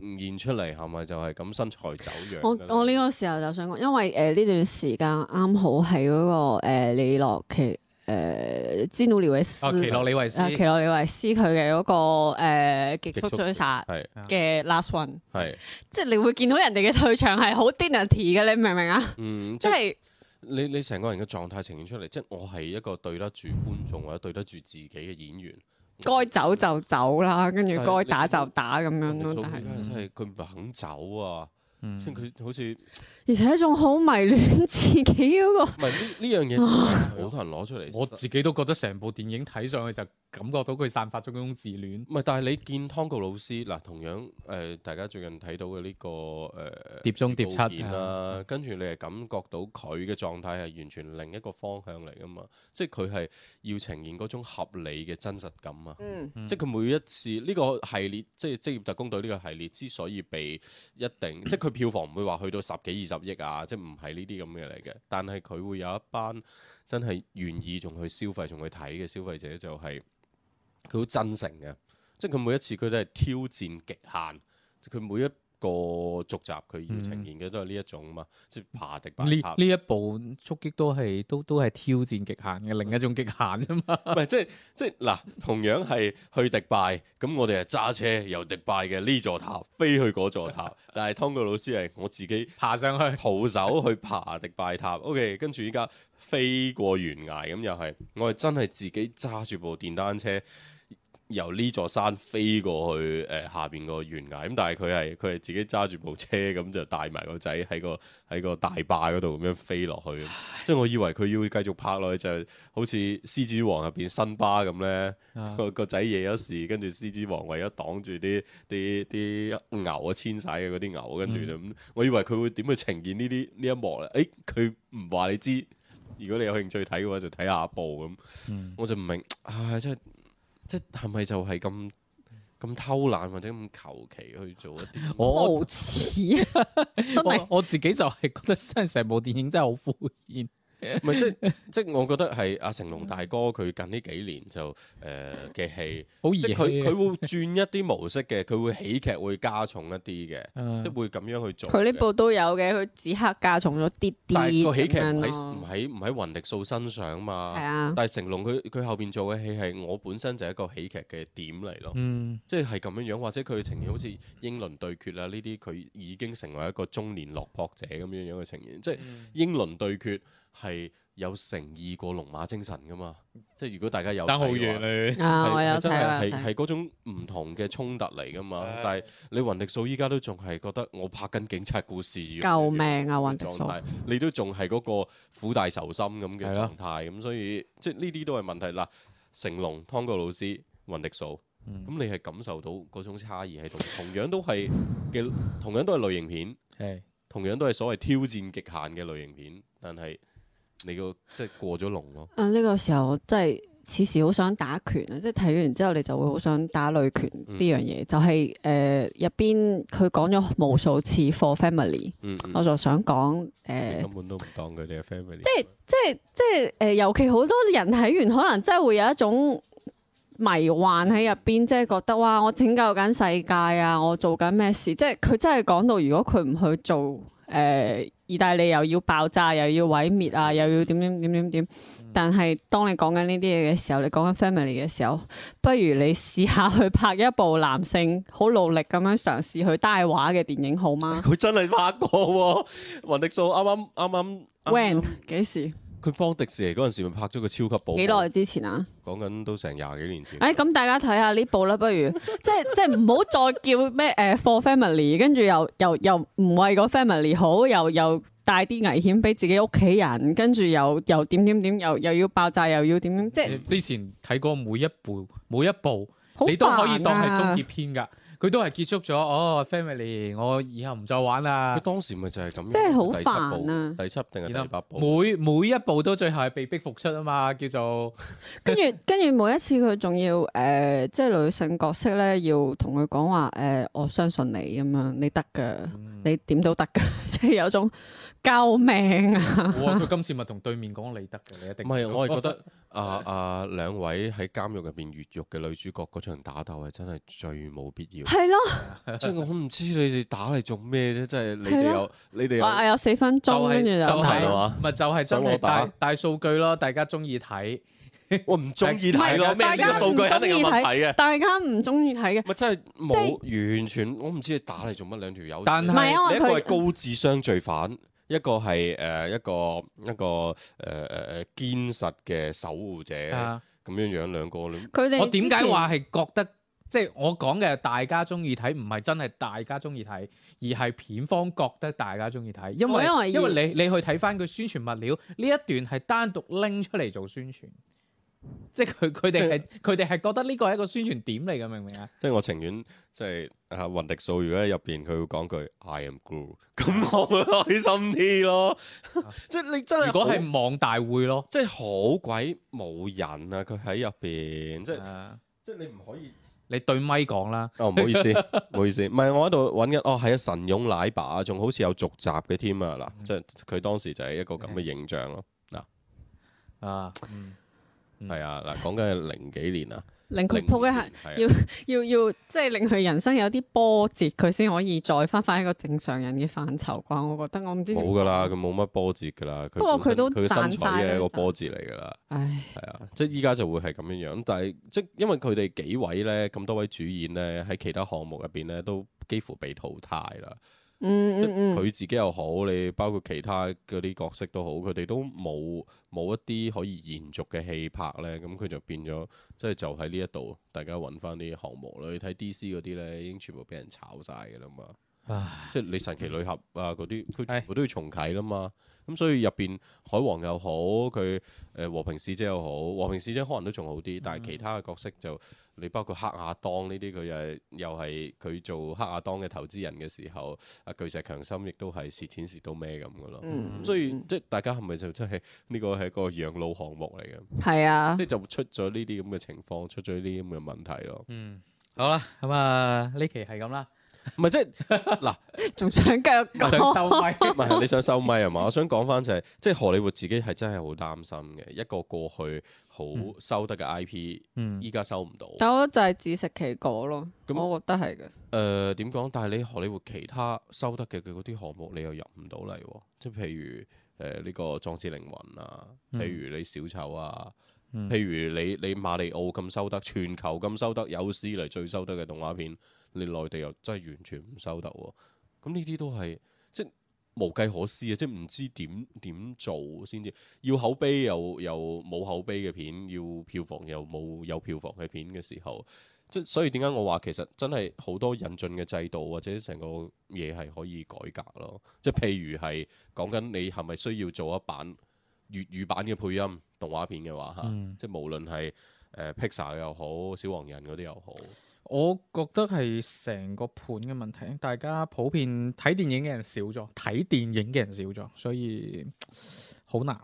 現出嚟係咪就係咁身材走樣？我我呢個時候就想講，因為誒呢、呃、段時間啱好係嗰、那個誒、呃、李洛奇誒詹努利維斯啊，奇洛李維斯啊，奇洛李維斯佢嘅嗰個誒極、呃、速追殺嘅 last one，係是即係你會見到人哋嘅退場係好 dignity 嘅，你明唔明啊？嗯，即係 你你成個人嘅狀態呈現出嚟，即係我係一個對得住觀眾或者對得住自己嘅演員。該走就走啦，跟住該打就打咁你樣咯，家但係是真係佢唔肯走啊！嗯，佢好似，而且仲好迷戀自己嗰個，唔係呢樣嘢好多人攞出嚟， 我自己都覺得成部電影睇上去就感覺到佢散發咗嗰種自戀，唔係，但係你見湯告老師嗱，同樣誒、呃、大家最近睇到嘅呢個誒、呃、碟中諜七啦，啊嗯、跟住你係感覺到佢嘅狀態係完全另一個方向嚟㗎嘛，即係佢係要呈現嗰種合理嘅真實感啊。嗯嗯、即係佢每一次呢個系列，即係職業特工隊呢個系列之所以被一定，即係佢。 票房唔會話去到十幾二十億啊，即係唔係呢啲咁嘅嘢嚟嘅。但係佢會有一班真係願意仲去消費仲去睇嘅消費者，就是，就係佢好真誠嘅。即係佢每一次佢都係挑戰極限，佢每一。個續集佢要呈現嘅都係呢一種嘛，嗯、即係爬迪拜塔。呢，呢一部速擊都係都都係挑戰極限嘅另一種極限啫嘛。唔 即係即係，嗱，同樣係去迪拜咁，我哋係揸車由迪拜嘅呢座塔飛去嗰座塔。 但係湯哥老師係我自己 爬上去徒手去爬迪拜塔。OK，跟住依家飛過懸崖咁又係，我係真係自己揸住部電單車。由呢座山飛過去誒、呃、下邊個懸崖咁，但係佢係佢係自己揸住部車咁，就帶埋個仔喺個喺個大壩嗰度咁樣飛落去。唉即係我以為佢要繼續拍落去，就係好似《獅子王》入邊辛巴咁呢唉。個個仔惹咗事，跟住獅子王為咗擋住啲啲啲牛啊遷徙嘅嗰啲牛，跟住、嗯、就咁。我以為佢會點去呈現呢啲呢一幕咧？誒、欸，佢唔話你知，如果你有興趣睇嘅話就，就睇下部咁。嗯、我就唔明，唉，真係～即係咪就係咁咁偷懶或者咁求其去做一啲？我好似啊，真係我自己就係覺得真係成部電影真係好敷衍。唔係 即係即係，我覺得係阿成龍大哥佢近呢幾年就誒嘅戲，呃、戲 惑即佢佢會轉一啲模式嘅，佢會喜劇會加重一啲嘅， 嗯、即係會咁樣去做。佢呢部都有嘅，佢此刻加重咗啲啲。但係個喜劇唔喺唔喺《雲、啊、迪素身》上嘛？係啊。但係成龍佢佢後邊做嘅戲係我本身就係一個喜劇嘅點嚟咯。即係係咁樣樣，或者佢嘅情緣好似《英倫對決》啦，呢啲佢已經成為一個中年落魄者咁樣樣嘅情緣。即係《英倫對決》。係有誠意過龍馬精神㗎嘛？即係如果大家有睇嘅話啊是我有睇，係係嗰種唔同嘅衝突嚟㗎嘛。的但係你雲迪素依家都仲係覺得我拍緊警察故事，救命啊！雲迪素你都仲係嗰個苦大仇深咁嘅狀態咁，的所以即係呢啲都係問題嗱。成龍、湯哥老師、雲迪素，咁、嗯、你係感受到嗰種差異喺度， 同樣都係嘅， 同樣都係類型片，同樣都係所謂挑戰極限嘅類型片，但係。你個即係過咗龍咯。啊，呢個時候我真係此時好想打拳啊！即係睇完之後，你就會好想打女拳呢、嗯、樣嘢。就係誒入邊佢講咗無數次 for family，嗯嗯我就想講誒、嗯嗯、根本都唔當佢哋嘅 family 即。即係即係即係誒，尤其好多人睇完可能真係會有一種迷幻喺入邊，即、就、係、是、覺得哇！我拯救緊世界啊！我做緊咩事？即係佢真係講到，如果佢唔去做。誒，意大利又要爆炸，又要毀滅啊，又要點點點點點。但係當你講緊呢啲嘢嘅時候，你講緊 family 嘅時候，不如你試下去拍一部男性好努力咁樣嘗試去帶畫嘅電影，好嗎？佢真係拍過喎、啊，雲迪素，啱啱啱啱。剛剛剛剛剛剛 When 幾時？佢幫迪士尼嗰陣時，咪拍咗個超級部，幾耐之前啊？講緊都成廿幾年前。誒、欸，咁大家睇下呢部啦，不如 即係即係唔好再叫咩誒、uh, For Family，跟住又又又唔為個 Family 好，又又帶啲危險俾自己屋企人，跟住又又點點點，又又，點點又，又要爆炸，又要點點？即係呃、之前睇過每一部每一部，啊、你都可以當係終結篇㗎。佢都係結束咗哦，family，我以後唔再玩啦。佢當時咪就係咁，即係好煩啊！第七定係第八部，每每一部都最後係被逼復出啊嘛，叫做。 跟住跟住每一次佢仲要誒，即、呃、係、就是、女性角色咧要同佢講話誒，我相信你咁樣，你得噶，嗯、你點都得噶，即、就、係、是、有種救命啊！佢 今、哦、次咪同對面講你得嘅，你一定唔係 我係覺得啊啊、呃呃呃、兩位喺監獄入邊越獄嘅女主角嗰場打鬥係真係最冇必要。係咯，真係我唔知你哋打嚟做咩啫，真係你哋有你哋有有四分鐘，跟住就睇，咪就係真係大大數據咯，大家中意睇，我唔中意睇咯，咩呢個數據肯定有問題嘅，大家唔中意睇嘅，咪真係冇完全，我唔知你打嚟做乜，兩條友，但係你一個係高智商罪犯，一個係誒一個一個誒誒堅實嘅守護者咁樣樣，兩個佢哋，我點解話係覺得？即係我講嘅，大家中意睇唔係真係大家中意睇，而係片方覺得大家中意睇，因為因為你因為你，你去睇翻佢宣傳物料呢一段係單獨拎出嚟做宣傳，即係佢佢哋係佢哋係覺得呢個係一個宣傳點嚟嘅，明唔明啊？即係我情願即係啊雲迪素。如果喺入邊佢會講句 I am Groot，咁我會開心啲咯。 即係你真係如果係望大會咯，即係好鬼冇人啊！佢喺入邊即係、啊、即係你唔可以。你對咪講啦，哦，唔好意思，唔好意思，唔係我喺度揾緊，哦係啊，神勇奶爸啊，仲好似有續集嘅添啊嗱，即係佢當時就係一個咁嘅形象咯，嗱，啊，係、嗯嗯、啊，嗱，講緊係零幾年啊。令佢破一下，言要 要要，即係令佢人生有啲波折，佢先可以再翻返一個正常人嘅範疇啩。我覺得我唔知冇㗎啦，佢冇乜波折㗎啦。不過佢都佢散嘅一個波折嚟㗎啦。唉，係啊，即係依家就會係咁樣樣。但係即係因為佢哋幾位咧，咁多位主演咧，喺其他項目入邊咧，都幾乎被淘汰啦。嗯，嗯，佢自己又好，你包括其他嗰啲角色都好，佢哋都冇冇一啲可以延續嘅戲拍呢。咁佢就變咗，即係就喺呢一度，大家揾翻啲項目咯。你睇 DC 嗰啲呢，已經全部俾人炒晒㗎啦嘛。唉，即係你神奇女俠啊，嗰啲佢全部都要重啟啦嘛。咁，嗯，所以入邊海王又好，佢誒和平使者又好，和平使者可能都仲好啲，但係其他嘅角色就你包括黑亞當呢啲，佢又係又係佢做黑亞當嘅投資人嘅時候，啊巨石強森亦都係蝕錢蝕到咩咁噶咯。咁，嗯，所以即係大家係咪就真係呢個係一個養老項目嚟嘅？係啊，即係就出咗呢啲咁嘅情況，出咗呢啲咁嘅問題咯。嗯，好啦，咁啊呢期係咁啦。唔係即係嗱，仲、就是、想繼續講收咪？唔係是 是你想收咪係嘛？ 我想講翻就係、是，即、就、係、是、荷里活自己係真係好擔心嘅，一個過去好收得嘅 IP，依家收唔到。但係我就係自食其果咯，嗯、我覺得係嘅。誒、呃，點講？但係你荷里活其他收得嘅佢嗰啲項目，你又入唔到嚟。即係譬如誒呢、呃這個壯志凌雲啊，譬如你小丑啊，嗯、譬如你你馬里奧咁收得，全球咁收得有史以嚟最收得嘅動畫片。你內地又真係完全唔收得喎、哦，咁呢啲都係即係無計可施啊！即係唔知點點做先至，要口碑又又冇口碑嘅片，要票房又冇有，有票房嘅片嘅時候，即係所以點解我話其實真係好多引進嘅制度或者成個嘢係可以改革咯。即係譬如係講緊你係咪需要做一版粵語版嘅配音動畫片嘅話嚇，嗯、即係無論係誒、呃、Pixar 又好，小黃人嗰啲又好。我覺得係成個盤嘅問題，大家普遍睇電影嘅人少咗，睇電影嘅人少咗，所以好難。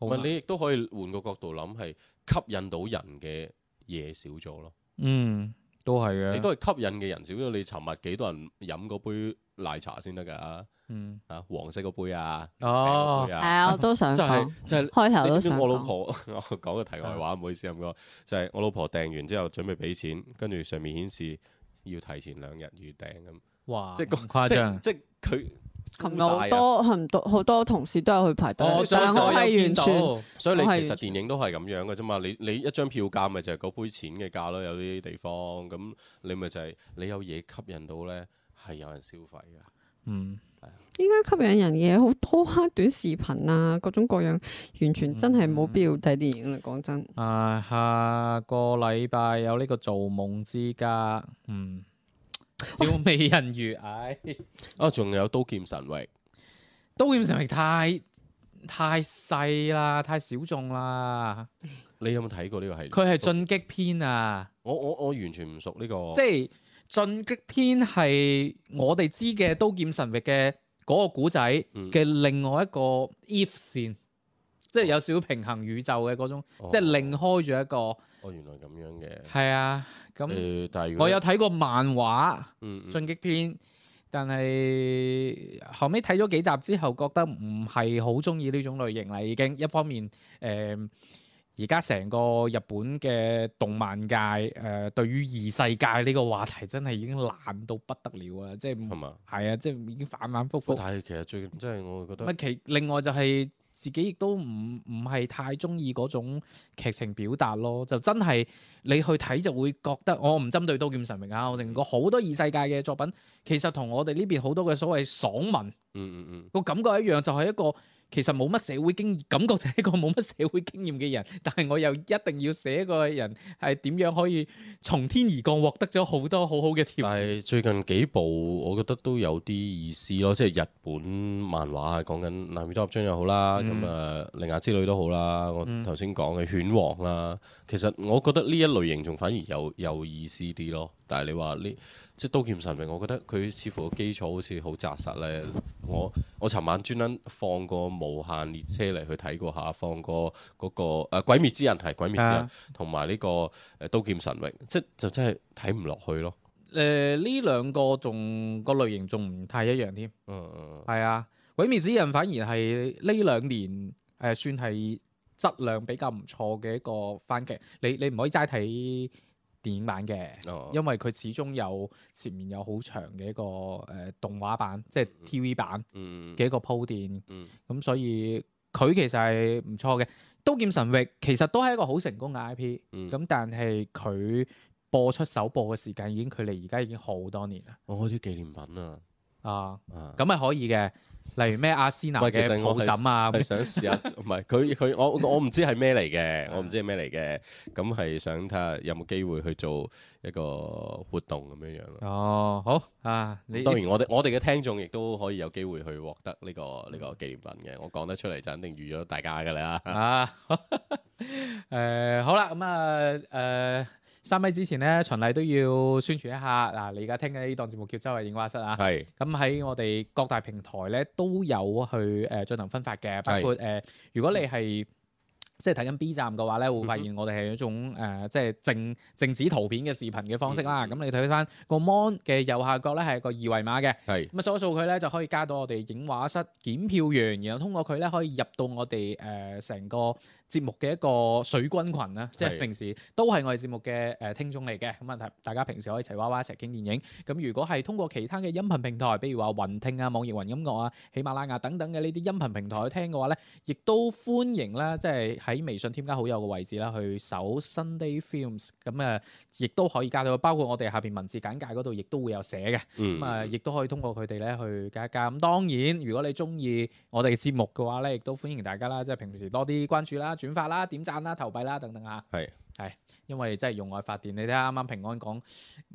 唔，你亦都可以換個角度諗，係吸引到人嘅嘢少咗咯。嗯。都係嘅，你都係吸引嘅人，少咗。你尋日幾多人飲嗰杯奶茶先得㗎？嗯，啊，黃色嗰杯啊，哦、欸，係、啊欸，我都想，即係就係開頭，我老婆講 個題外話，唔是的 好意思咁講，就係、是、我老婆訂完之後準備俾錢，跟住上面顯示要提前兩日預訂咁，哇，即係個咁誇張，即係佢。琴日啊！好多好多同事都有去排隊。哦、我上我係完全，所以你是其實電影都係咁樣嘅啫嘛。你你一張票價咪就係嗰杯錢嘅價咯。有啲地方咁、就是，你咪就係你有嘢，吸引到咧，係有人消費噶。嗯，係對。依家吸引人嘅好多，短視頻啊，各種各樣，完全真係冇必要睇電影啦。講、嗯、真。啊，下個禮拜有呢個《造夢之家》。嗯。小美人魚，唉，啊，仲有《刀劍神域》，《刀劍神域》太太細啦，太小眾啦。你有冇睇過呢個系列？佢係進擊篇啊！我我我完全唔熟呢個。即係進擊篇係我哋知嘅《刀劍神域》嘅嗰個古仔嘅另外一個 if 線。即係有少少平衡宇宙嘅嗰種，哦、即係另開咗一個。哦，原來咁樣嘅。係啊，咁、嗯、但係我有睇過漫畫《嗯嗯進擊篇》，但係後尾睇咗幾集之後，覺得唔係好中意呢種類型啦。已經一方面，誒而家成個日本嘅動漫界，誒、呃、對於異世界呢個話題，真係已經爛到不得了嗎啊。即係係嘛？係啊，即係已經反反覆覆。但係其實最真係我覺得。唔其另外就係、是。自己亦都唔唔係太中意嗰種劇情表達咯，就真係你去睇就會覺得，我唔針對刀劍神明啊，我認過好多異世界嘅作品，其實同我哋呢邊好多嘅所謂爽文，嗯嗯嗯，個感覺一樣，就係一個。其實冇乜社會經驗感覺就係一個冇乜社會經驗嘅人，但係我又一定要寫一個人係點樣可以從天而降獲很很，獲得咗好多好好嘅條件。係最近幾部，我覺得都有啲意思咯，即係日本漫畫啊，講緊南美拳合章又好啦，咁啊、嗯，鈴芽、呃、之旅都好啦。我頭先講嘅犬王啦，嗯、其實我覺得呢一類型仲反而有有意思啲咯。但係你話呢，即係刀劍神域，我覺得佢似乎個基礎好似好扎實咧。我我尋晚專登放個無限列車嚟去睇過下，放過、那個嗰個誒鬼滅之刃係鬼滅之刃，同埋呢個誒刀劍神域，即就真係睇唔落去咯。誒呢兩個仲個類型仲唔太一樣添。嗯嗯嗯。係啊，鬼滅之刃反而係呢兩年誒、呃、算係質量比較唔錯嘅一個番劇。你你唔可以齋睇。電影版嘅，oh. 因為佢始終有前面有好長嘅一個誒動畫版，嗯、即係 TV 版嘅一個鋪墊，咁、嗯嗯嗯、所以佢其實係唔錯嘅。刀劍神域其實都係一個好成功嘅 IP，咁、嗯、但係佢播出首播嘅時間已經距離而家已經好多年啦。我開啲紀念品啊！哦、啊，咁係可以嘅。例如咩阿仙奴嘅抱枕啊，係想試下，唔係佢佢我我唔知係咩嚟嘅，我唔知係咩嚟嘅。咁係、啊、想睇下有冇機會去做一個活動咁樣樣咯。哦，好啊，當然我哋我哋嘅聽眾亦都可以有機會去獲得呢、這個呢、這個紀念品嘅。我講得出嚟就肯定預咗大家噶啦。啊，誒、 呃，好啦，咁、嗯、啊，誒、呃。三米之前咧，循例都要宣傳一下。嗱、啊，你而家聽緊呢檔節目叫周圍影畫室啊。係是。咁喺我哋各大平台咧都有去誒、呃、進行分發嘅，包括誒、呃，如果你係、嗯、即係睇緊 B 站嘅話咧，會發現我哋係一種誒、呃，即係靜靜止圖片嘅視頻嘅方式啦。咁、嗯、你睇翻個 Mon 嘅右下角咧係一個二維碼嘅。係是。咁啊，掃一掃佢咧就可以加到我哋影畫室檢票員，然後通過佢咧可以入到我哋誒成個。節目嘅一個水軍群咧，即係平時都係我哋節目嘅誒聽眾嚟嘅。咁問題大家平時可以一齊玩玩，一齊傾電影。咁如果係通過其他嘅音頻平台，比如話雲聽啊、網易雲音樂啊、喜馬拉雅等等嘅呢啲音頻平台去聽嘅話咧，亦都歡迎啦，即係喺微信添加好友嘅位置啦，去搜 Sunday Films。咁啊，亦都可以加到，包括我哋下面文字簡介嗰度亦都會有寫嘅。咁啊，亦都可以通過佢哋咧去加一加。咁當然，如果你鍾意我哋嘅節目嘅話咧，亦都歡迎大家啦，即係平時多啲關注啦。轉發啦、點讚啦、投幣啦等等啊。係係是，因為真係用愛發電。你睇下啱啱平安講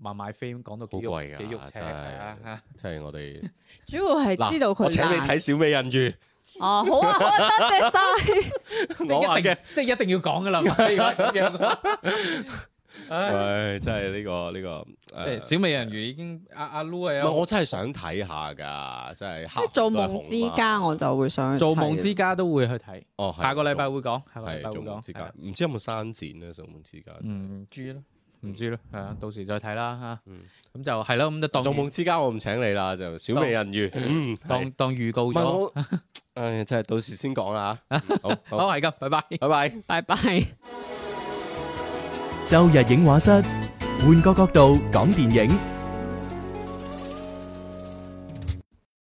話買飛，講到幾肉幾肉赤啊嚇，即係我哋 主要係知道佢。我請你睇小美人魚。哦，好啊，多、啊、謝曬。我係嘅，即係一定要講嘅啦。 唉，真係呢個呢個，小美人魚已經阿阿 Lu 係，我真係想睇下噶，真係即係造夢之家我就會想，造夢之家都會去睇，哦，下個禮拜會講，下個禮拜會講，唔知有冇刪剪咧？造夢之家，唔知咯，唔知咯，係啊，到時再睇啦吓，咁就係咯，咁就當造夢之家我唔請你啦，就小美人魚，嗯，當當預告咗，唉，真係到時先講啦吓，好，好係咁，拜拜，拜拜，拜拜。周日影畫室，換個角度講電影。